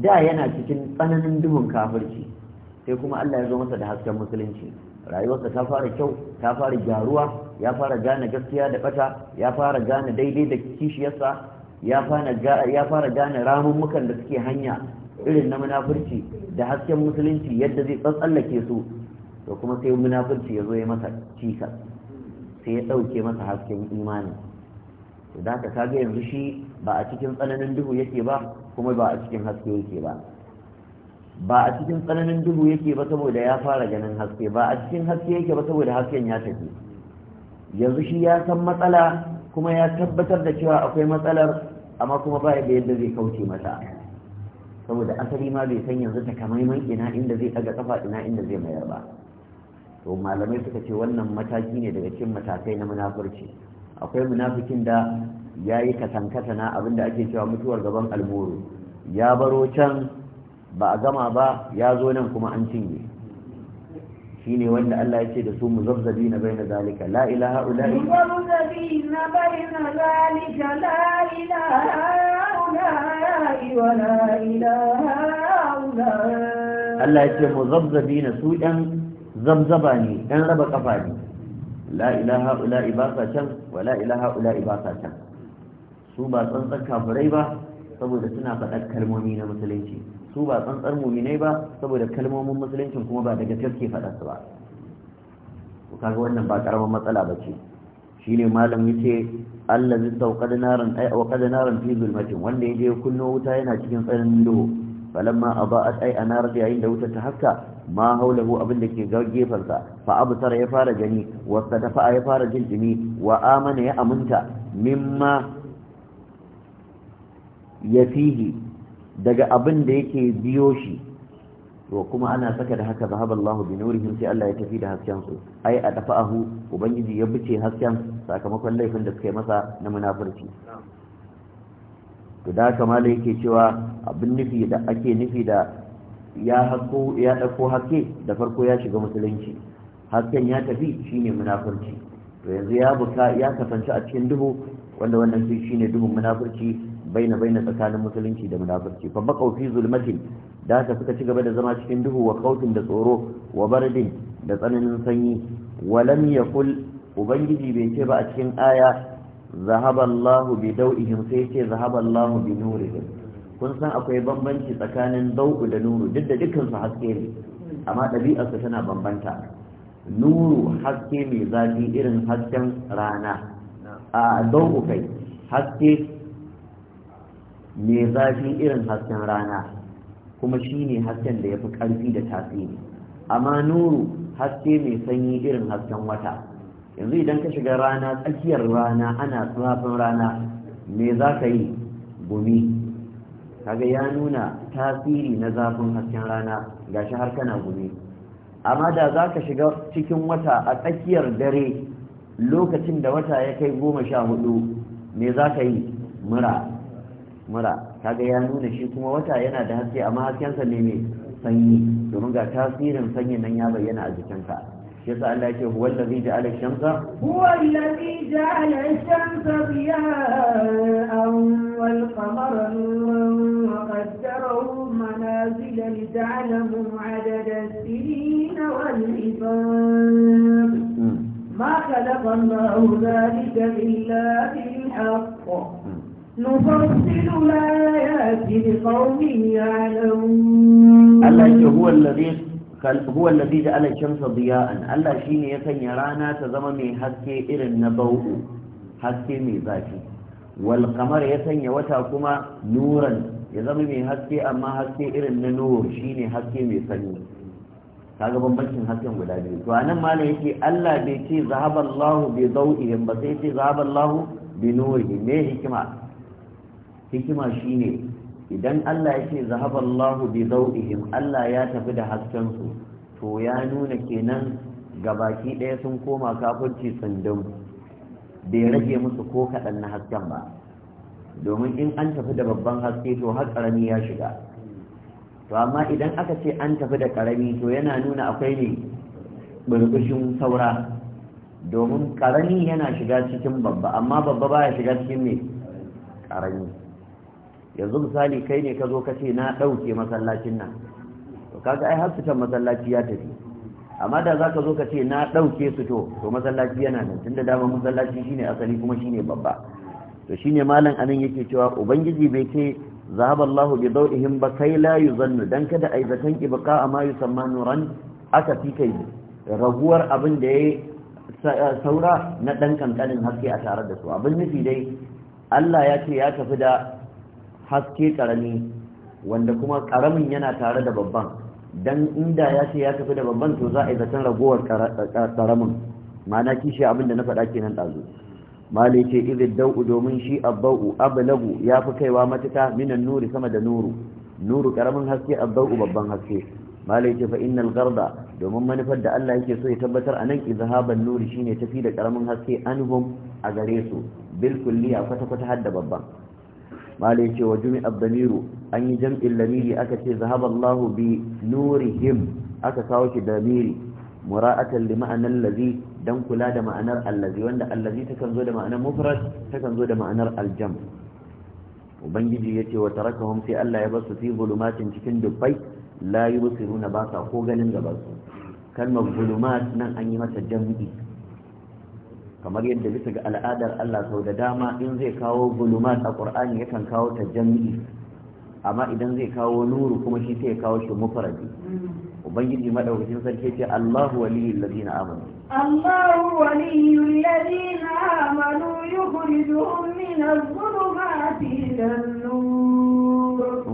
da yana cikin tsananin duhun kafirci sai kuma Allah ya zo masa da hasken musulunci rayuwarsa ta fara kyau ta fara gyaruwa ya fara gane gaskiya da bata ya fara gane daidai da kishiyarsa ya fara gane ramummukan da suke hanya irin na munafurci da hasken musulunci yadda zai tsallake su to kuma sai munafurci ya zo ya masa cika sai ya ɗauke masa hasken imani to da ka kaga yanzu shi ba a cikin tsananin duhu yake ba kuma ba a cikin haske yake ba ba a cikin tsananin duhu yake ba saboda ya fara ganin haske ba a cikin haske yake ba saboda hasken ya tafi yanzu shi ya san matsala kuma ya tabbatar da cewa akwai matsalar amma kuma ba da yadda zai kauce mata saboda asali ma bai san yanzu takamaiman ina inda zai ɗaga kafa ina inda zai mayar ba to malamai suka ce wannan mataki ne daga cikin matakai na munafurci akwai munafikin da ya yi abin da ake cewa mutuwar gaban almuru ya baro can ba a gama ba ya zo nan kuma an cinye shi ne wanda Allah ya ce da su muzabzabi na bai na zalika la ilaha ula'i muzabzabi na bai na zalika Allah ya ce mu zabzabi na su ɗan zamzaba ne ɗan raba ƙafa ne la’ila ha’ula ula ibasa can wa la’ila ha’ula ibasa can su ba tsantsar kafirai ba saboda suna faɗar kalmomi na musulunci su ba tsantsar muminai ba saboda kalmomin musuluncin kuma ba daga gaske faɗarsu ba Ku kaga wannan ba ƙaramin matsala ba ce shine malam yace allazi tawqada naran ay awqada naran fi zulmatin wanda je kunno wuta yana cikin tsananin duhu falamma a ay narar da yayin da wuta ta haska ma haulahu abin da ke gefansa fa absar ya fara gani da sadafa ya fara jin dumi wa amana ya aminta mimma yafihi daga abin da yake biyo shi to kuma ana saka da haka zahaba Allahu bi nurihim sai Allah ya tafi da hasken su ai a dafa'ahu ubangiji ya bice hasken sakamakon laifin da suka yi masa na munafurci to da kamala yake cewa abin nufi da ake nufi da ya hako ya dako hake da farko ya shiga musulunci hasken ya tafi shine munafurci to yanzu ya buka ya kasance a cikin duhu wanda wannan shi shine duhun munafurci baina baina tsakanin musulunci da munafurci fa baqaw fi zulmatin da ta suka ci gaba da zama cikin duhu wa khawfin da tsoro wa bardin da tsananin sanyi wa lam yaqul ubangiji bai ce ba a cikin aya zahaba Allahu bi dawihim sai ce zahaba Allahu bi nurihim kun san akwai bambanci tsakanin dau'u da nuru duk da dukkan su haske ne amma ɗabi'ar su tana bambanta nuru haske mai zafi irin hasken rana a dau'u kai haske mai zafi irin hasken rana kuma shi ne hasken da ya fi ƙarfi da tasiri amma nuru haske mai sanyi irin hasken wata yanzu idan ka shiga rana tsakiyar rana ana zafin rana me za ka yi gumi kaga ya nuna tasiri na zafin hasken rana gashi har kana gumi amma da za ka shiga cikin wata a tsakiyar dare lokacin da wata ya kai goma sha hudu me za ka yi mura mura kaga ya nuna shi kuma wata yana da haske amma haskensa ne mai sanyi domin ga tasirin sanyin nan ya bayyana a jikinka shi yasa Allah yake huwa allazi ja'ala ash-shamsa huwa allazi ja'ala ash-shamsa diya'an wal qamara nuran mana qaddarahu manazila lita'lamu 'adada as-sinina wal hisab hmm. ma khalaqa Allahu dhalika illa bil haqq Allah ke huwa lade da ala shamsa diya'an Allah shi ne ya sanya rana ta zama mai haske irin na bau'u haske mai zafi wal kamar ya sanya wata kuma nuran ya zama mai haske amma haske irin na nuru shi ne haske mai sanyi kaga bambancin hasken guda biyu to anan ma yake Allah bai ce zahaballahu bi dawihi ba sai ce zahaballahu bi nurihi me hikima hikima shine idan Allah ya ce zahaballahu bi zawihim Allah ya tafi da hasken su to ya nuna kenan ga baki ɗaya sun koma kafirci sandan bai rage musu ko kaɗan na hasken ba domin in an tafi da babban haske to har karami ya shiga to amma idan aka ce an tafi da karami to yana nuna akwai ne burbushin saura domin karami yana shiga cikin babba amma babba baya shiga cikin ne karami. yanzu misali kai ne ka zo ka ce na ɗauke masallacin nan to kaga ai hasutan masallaci ya tafi amma da za ka zo ka ce na ɗauke su to to masallaci yana nan tunda dama masallaci shine asali kuma shine babba to shine malam anan yake cewa ubangiji bai ce zahaba Allah bi dawihim ba kai la yuzannu dan kada ai zakan ibqa amma yusamma nuran aka fi kai raguwar abin da ya eh, saura na dan kankanin haske a tare da su abin nufi dai Allah ya ce ya tafi da haske karami wanda kuma karamin yana tare da babban dan inda ya ce ya tafi da babban to za a yi zaton ragowar karamin ma'ana kishi abinda na faɗa kenan ɗazu mali ce izin da'u domin shi abba'u ablagu ya fi kaiwa matuka minan nuri sama da nuru nuru karamin haske abba'u babban haske mali ce fa innal garda domin manufar da Allah yake so ya tabbatar nan izhaban nuri shine tafi da karamin haske anhum a gare su bil kulliya kwata kwata da babban ya ce wa jumi'ar abdamiru an yi jam'in lamiri aka ce zahaballahu bi nurihim aka kawo shi damiri mura'atan li ma'anar lazi don kula da ma'anar allazi wanda allazi takan zo da ma'anar mufrad takan zo da ma'anar aljam ubangiji ya ce wa tarakahum sai Allah ya basu fi zulumatin cikin dubbai la yubsiruna ba sa ko ganin gabansu kalmar bulumat nan an yi mata jam'i kamar yadda bisa ga al'adar Allah sau da dama in zai kawo gulumat a ƙur'ani yakan kawo ta jami'i amma idan zai kawo nuru kuma shi sai ya kawo shi mufaradi ubangiji madaukakin sarki ce Allahu waliyul ladina amanu Allahu amanu yukhrijuhum min adh-dhulumati ilan-nur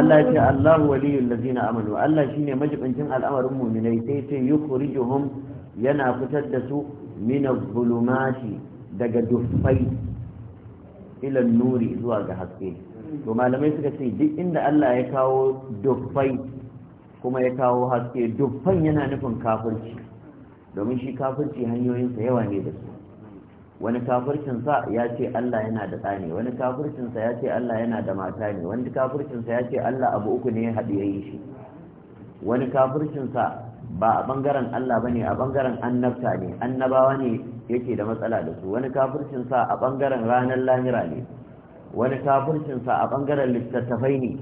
Allah ya ce Allahu waliyul ladina amanu Allah shine majibincin al'amarin mu'minai sai ce yukhrijuhum yana fitar da su min adh zulumati daga duffai ila nuri zuwa ga haske to malamai suka ce duk inda Allah ya kawo duffai kuma ya kawo haske duffan yana nufin kafirci domin shi kafirci hanyoyinsa yawa ne da su wani kafircinsa ya ce Allah yana da tsani wani kafircinsa ya ce Allah yana da mata ne wani kafircinsa ya ce Allah abu uku ne haɗu ya yi shi wani kafircinsa ba a bangaren Allah ba ne a bangaren annabta ne annabawa ne yake da matsala da su wani kafircinsa a bangaren ranar lahira ne wani kafircinsa a bangaren littattafai ne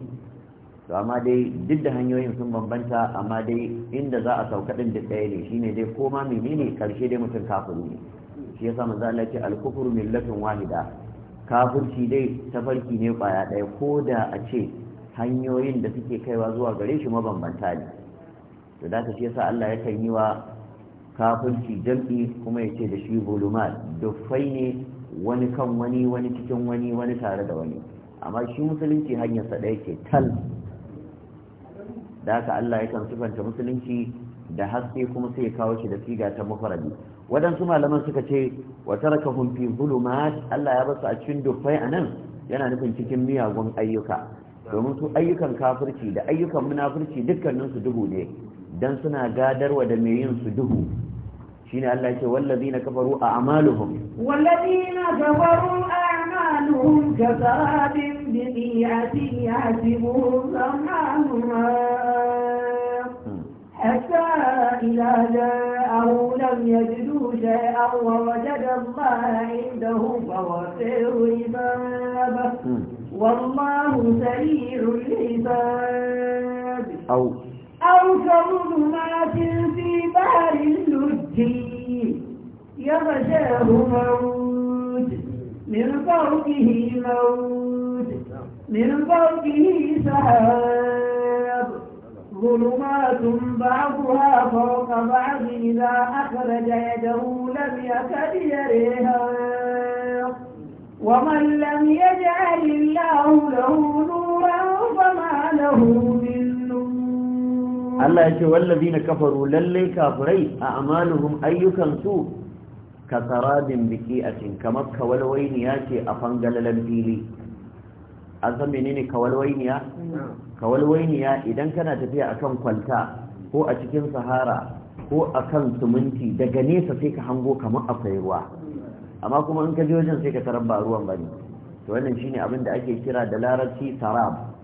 to amma dai duk da hanyoyin sun bambanta amma dai inda za a sauka ɗin duk ɗaya ne shine dai koma menene karshe dai mutum kafiri ne shi yasa manzo Allah ya ce al-kufru millatun wahida kafirci dai tafarki ne kwaya ɗaya ko da a ce hanyoyin da suke kaiwa zuwa gare shi mabambanta ne to da ta shi yasa Allah yakan yi wa kafirci jam'i kuma ya ce da shi bulumat dufai ne wani kan wani wani cikin wani wani tare da wani amma shi musulunci hanyarsa ɗaya ke tal da ka Allah yakan sifanta musulunci da haske kuma sai ya kawo shi da siga ta mufaradi waɗansu malaman suka ce wa tarakahum fi zulumat Allah ya basu a cikin dufai anan yana nufin cikin miyagun ayyuka domin su ayyukan kafirci da ayyukan munafurci dukkanin su duhu ne dan suna gadarwa da me yin su duhu shine Allah yake wallazina kafaru a amaluhum wallazina kafaru a'maluhum kasabin bi'ati yasibu zamanu حتى إذا جاءه لم يجدوا شيئا ووجد الله عنده فوفر حسابه والله سريع الحساب أو أو كظلمات في بحر اللج يغشاه موج من فوقه موج من فوقه سحاب ظلمات بعضها فوق بعض إذا أخرج يده لم يكد يريها ومن لم يجعل الله له نورا فما له من Allah ya ce wallazi na kafaru lallai kafurai a amalihum ayyukansu ka tsara dimbiki a cin kamar kawalwai ne ce a fangalalar fili an san menene kawalwainiya kawalwainiya idan kana tafiya akan kwalta ko a cikin sahara ko akan suminti daga nesa sai ka hango kamar akwai ruwa amma kuma in ka je wajen sai ka tarar ba ruwan bane to wannan shine abin da ake kira da larabci sarab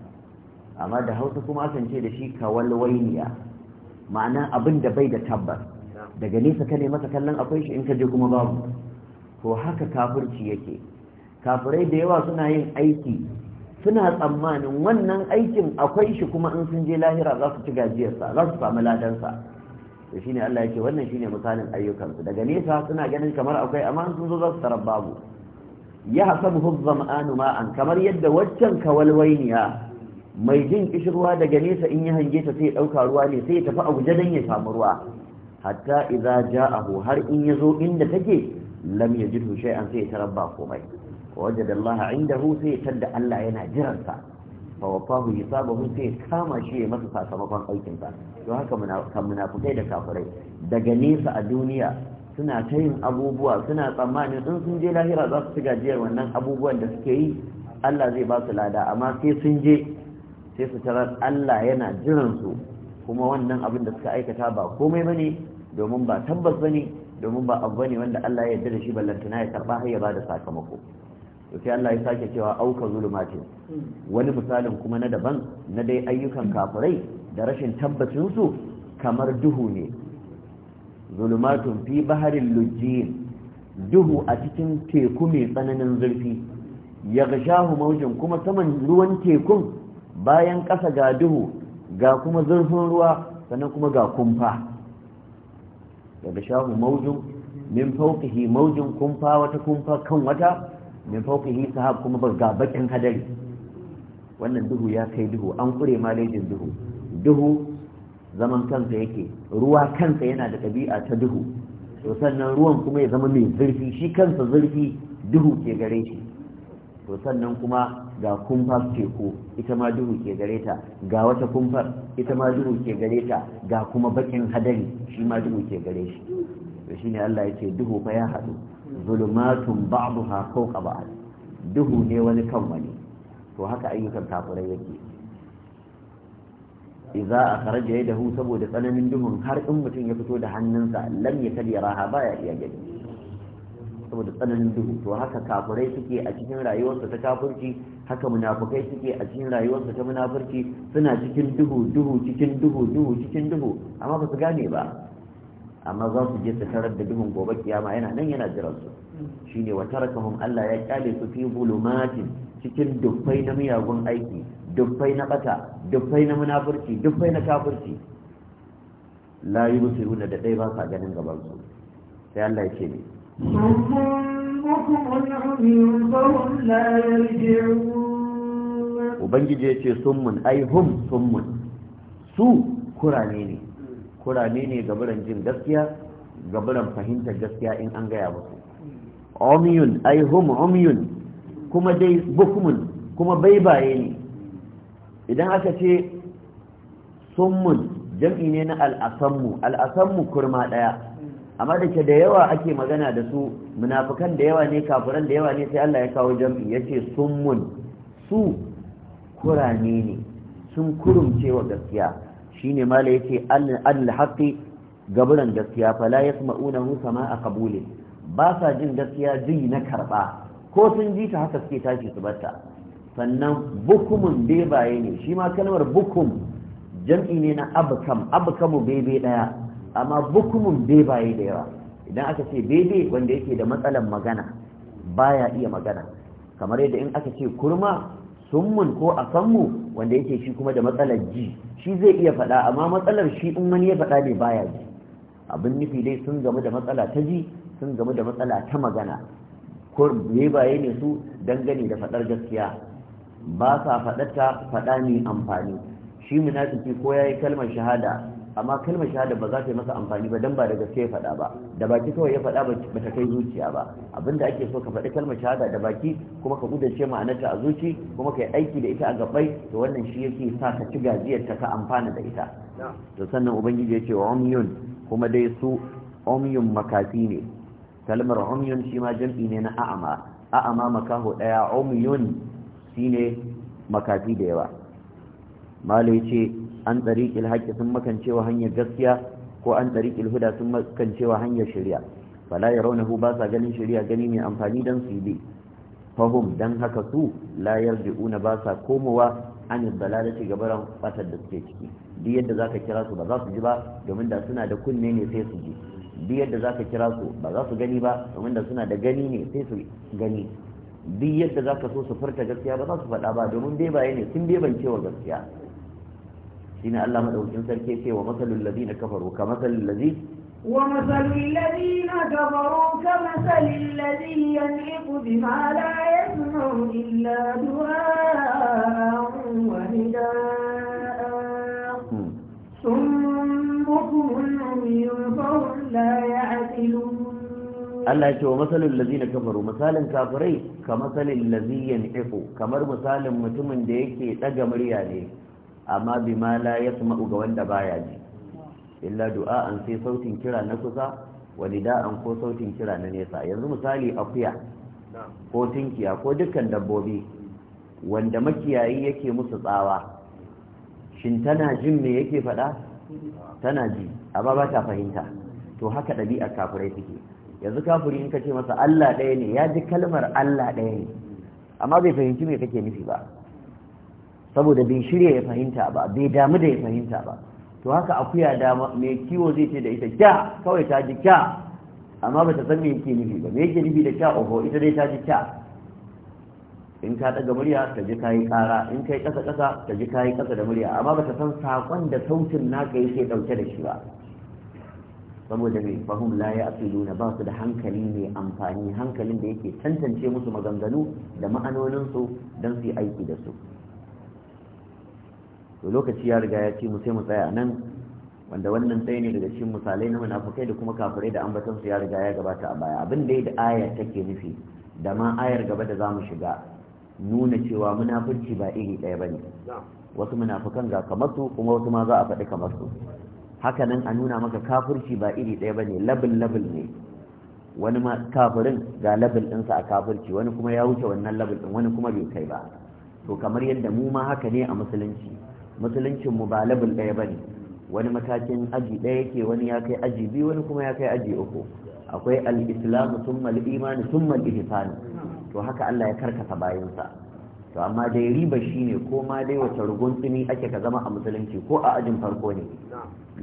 amma da hausa kuma akan ce da shi kawalwainiya ma'ana abin da bai da tabbas daga nesa ka masa kallon akwai shi in ka je kuma babu to haka kafirci yake kafirai da yawa suna yin aiki suna tsammanin wannan aikin akwai shi kuma in sun je lahira za su ci gajiyarsa za su samu ladansa da shine Allah yake wannan shine misalin ayyukansu daga nesa suna ganin kamar akwai amma sun zo za su tarar babu ya hasabu huzzam'anu ma'an kamar yadda waccan kawalwainiya mai jin kishirwa daga nesa in ya hange ta sai ɗauka ruwa ne sai ya tafi a guje don ya samu ruwa hatta idza ja'ahu har in ya zo inda take lam yajidhu shay'an sai ya tarar ba komai wajada Allah indahu sai tadda Allah yana jiransa fa wafahu hisabahu sai kama shi ya masa sakamakon aikin sa to haka munafikai da kafirai daga nesa a duniya suna ta yin abubuwa suna tsammanin in sun je lahira za su ci gajiyar wannan abubuwan da suke yi Allah zai ba su lada amma sai sun je sai su Allah yana jiran su kuma wannan abin da suka aikata ba komai bane domin ba tabbas bane domin ba abu bane wanda Allah ya yarda da shi ballantana ya karba har ya bada sakamako to sai Allah ya sake cewa auka zulumatin wani misalin kuma na daban na dai ayyukan kafirai da rashin tabbacin su kamar duhu ne zulumatun fi baharin lujjin duhu a cikin teku mai tsananin zurfi ya gashahu maujin kuma saman ruwan tekun bayan ƙasa ga duhu ga kuma zurfin ruwa sannan kuma ga kumfa ya gashahu maujin min fauƙihi maujin kumfa wata kumfa kan wata min fawqihi sahab kuma ba ga bakin hadari wannan duhu ya kai duhu an kure ma laifin duhu duhu zaman kansa yake ruwa kansa yana da ɗabi'a ta duhu to sannan ruwan kuma ya zama mai zurfi shi kansa zurfi duhu ke gare shi to sannan kuma ga kumfar teku ita ma duhu ke gare ta ga wata kumfar ita ma duhu ke gare ta ga kuma bakin hadari shi ma duhu ke gare shi to shine Allah yake duhu fa ya hadu zulumatun ba'daha fawqa ba'd duhu ne wani kan wani to haka ayyukan kafirai yake idza akhraja yadahu saboda tsananin duhun har in mutum ya fito da hannunsa lam yakad yaraha baya iya gani saboda tsananin duhu to haka kafirai suke a cikin rayuwarsa ta kafirci haka munafukai suke a cikin rayuwarsa ta munafurci suna cikin duhu duhu cikin duhu duhu cikin duhu amma ba su gane ba amma za su je su tarar da duhun gobe kiyama yana nan yana jiran su shine wa tarakahum Allah ya kyale su fi zulumatin cikin dubbai na miyagun aiki dubbai na bata dubbai na munafurci dubbai na kafirci la yubsiruna da dai ba sa ganin gaban su sai Allah ya ce ne Ubangiji ya ce summun ai hum summun su kurane ne kurame ne gabaran jin gaskiya Gabaran fahimtar gaskiya in an gaya ba omiyun ai hum omiyun kuma dai bukumun kuma baibaye ne idan aka ce summun jam'i ne na al'asammu al'asammu kurma daya amma da ke da yawa ake magana da su munafukan da yawa ne kafiran da yawa ne sai Allah ya kawo jam'i yace summun su kurane ne sun kurumce wa gaskiya shine mala yace al haqqi gaburan gaskiya fala yasma'unahu sama'a qabulin ba sa jin gaskiya ji na karba ko sun ji ta haka suke tashi su batta sannan bukumun bebaye ne shi ma kalmar bukum jam'i ne na abkam abkamu bebe daya amma bukumun bebaye da yawa idan aka ce bebe wanda yake da matsalan magana baya iya magana kamar yadda in aka ce kurma summun ko asammu wanda yake shi kuma da matsalar ji shi zai iya faɗa amma matsalar shi in wani ya faɗa ne baya ji abin nufi dai sun gamu da matsala ta ji sun gamu da matsala ta magana ko baye ne su dangane da faɗar gaskiya ba sa ta faɗa ne amfani shi munafiki ko yayi kalmar shahada amma kalmar shahada ba za ta yi masa amfani ba dan ba da gaske ya faɗa ba da baki kawai ya faɗa ba ta kai zuciya ba abinda ake so ka faɗi kalmar shahada da baki kuma ka gudance ma'anarta a zuci kuma ka yi aiki da ita a gabai to wannan shi yake sa ka ci gajiyar ta ka amfana da ita to sannan ubangiji ya ce wa umyun kuma dai su umyun makafi ne kalmar umyun shi ma jam'i ne na a'ama a'ama makaho daya umyun shine makafi da yawa malai ce an tsariƙil haƙƙi sun makancewa hanyar gaskiya ko an tsariƙil huda sun makancewa hanyar shirya fala ya raunahu ba sa ganin shirya gani mai amfani don su bi fahim don haka su la yarji'una ba sa komowa an dalalati gabaran fatar da suke ciki duk yadda za ka kira su ba za su ji ba domin da suna da kunne ne sai su ji duk yadda za ka kira su ba za su gani ba domin da suna da gani ne sai su gani duk yadda za ka so su furta gaskiya ba za su faɗa ba domin bai ne sun bebance wa gaskiya shine Allah madaukakin sarki ce wa lazi na kafaro, ka masalin lazi? wa lazi na kafaro, ka masalul ladhi yanqu bima la yasma'u illa du'a'an wa hidaa'an hmm. sumbukum umyun fahum la ya'qilun Allah ya ce wa masalin na kafaro, misalin kafirai ka masalin laziyan ifo kamar misalin mutumin da yake ɗaga murya ne amma ma la yasma'u ga wanda baya ji illa du'a an sai sautin kira na kusa walida an ko sautin kira na nesa yanzu misali akuya ko tinkiya ko dukkan dabbobi wanda makiyayi yake musu tsawa shin tana jin me yake faɗa tana ji amma ba ta fahimta to haka ɗabi'ar kafirai suke yanzu kafiri in ka ce masa Allah ɗaya ne ya ji kalmar Allah ɗaya ne amma bai fahimci me kake nufi ba saboda bai shirya ya fahimta ba bai damu da ya fahimta ba to haka akuya da mai kiwo zai ce da ita kya kawai ta ji kya amma ba ta san me yake nufi ba me yake nufi da kya oho ita dai ta ji kya in ka daga murya ta ji kayi kara in kai kasa kasa ta ji kayi kasa da murya amma ba ta san sakon da sautin naka yake dauke da shi ba saboda mai fahim la ya nuna ba su da hankali mai amfani hankalin da yake tantance musu maganganu da ma'anoninsu don su yi aiki da su to lokaci ya riga ya ce mu sai mu tsaya nan wanda wannan tsaye ne daga cikin misalai na munafukai da kuma kafirai da ambatansu ya riga ya gabata a baya abin da da aya take nufi da ma ayar gaba da zamu shiga nuna cewa munafurci ba iri ɗaya ba wasu munafukan ga kamar su kuma wasu ma za a faɗi kamar su haka nan a nuna maka kafurci ba iri ɗaya ba ne labin ne wani ma kafirin ga labin ɗinsa a kafurci wani kuma ya wuce wannan labin ɗin wani kuma bai kai ba to kamar yadda mu ma haka ne a musulunci musuluncin mu ba level ɗaya bane wani matakin aji ɗaya yake wani ya kai aji biyu wani kuma ya kai aji uku akwai al'islamu sun thumma al-iman thumma to haka Allah ya karkata bayansa to amma dai riba shine ko ma dai wace rugun tsini ake ka zama a musulunci ko a ajin farko ne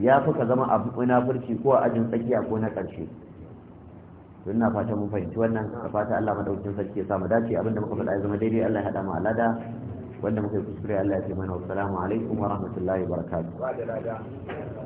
ya fi ka zama a munafurci ko a ajin tsakiya ko na ƙarshe tun na fata mun fahimci wannan ka fata Allah madaukakin sarki ya samu dace abinda muka faɗa ya zama daidai Allah ya hada mu alada wanda muka yi kuskure Allah ya ce mana Salamu alaikum wa rahmatullahi wa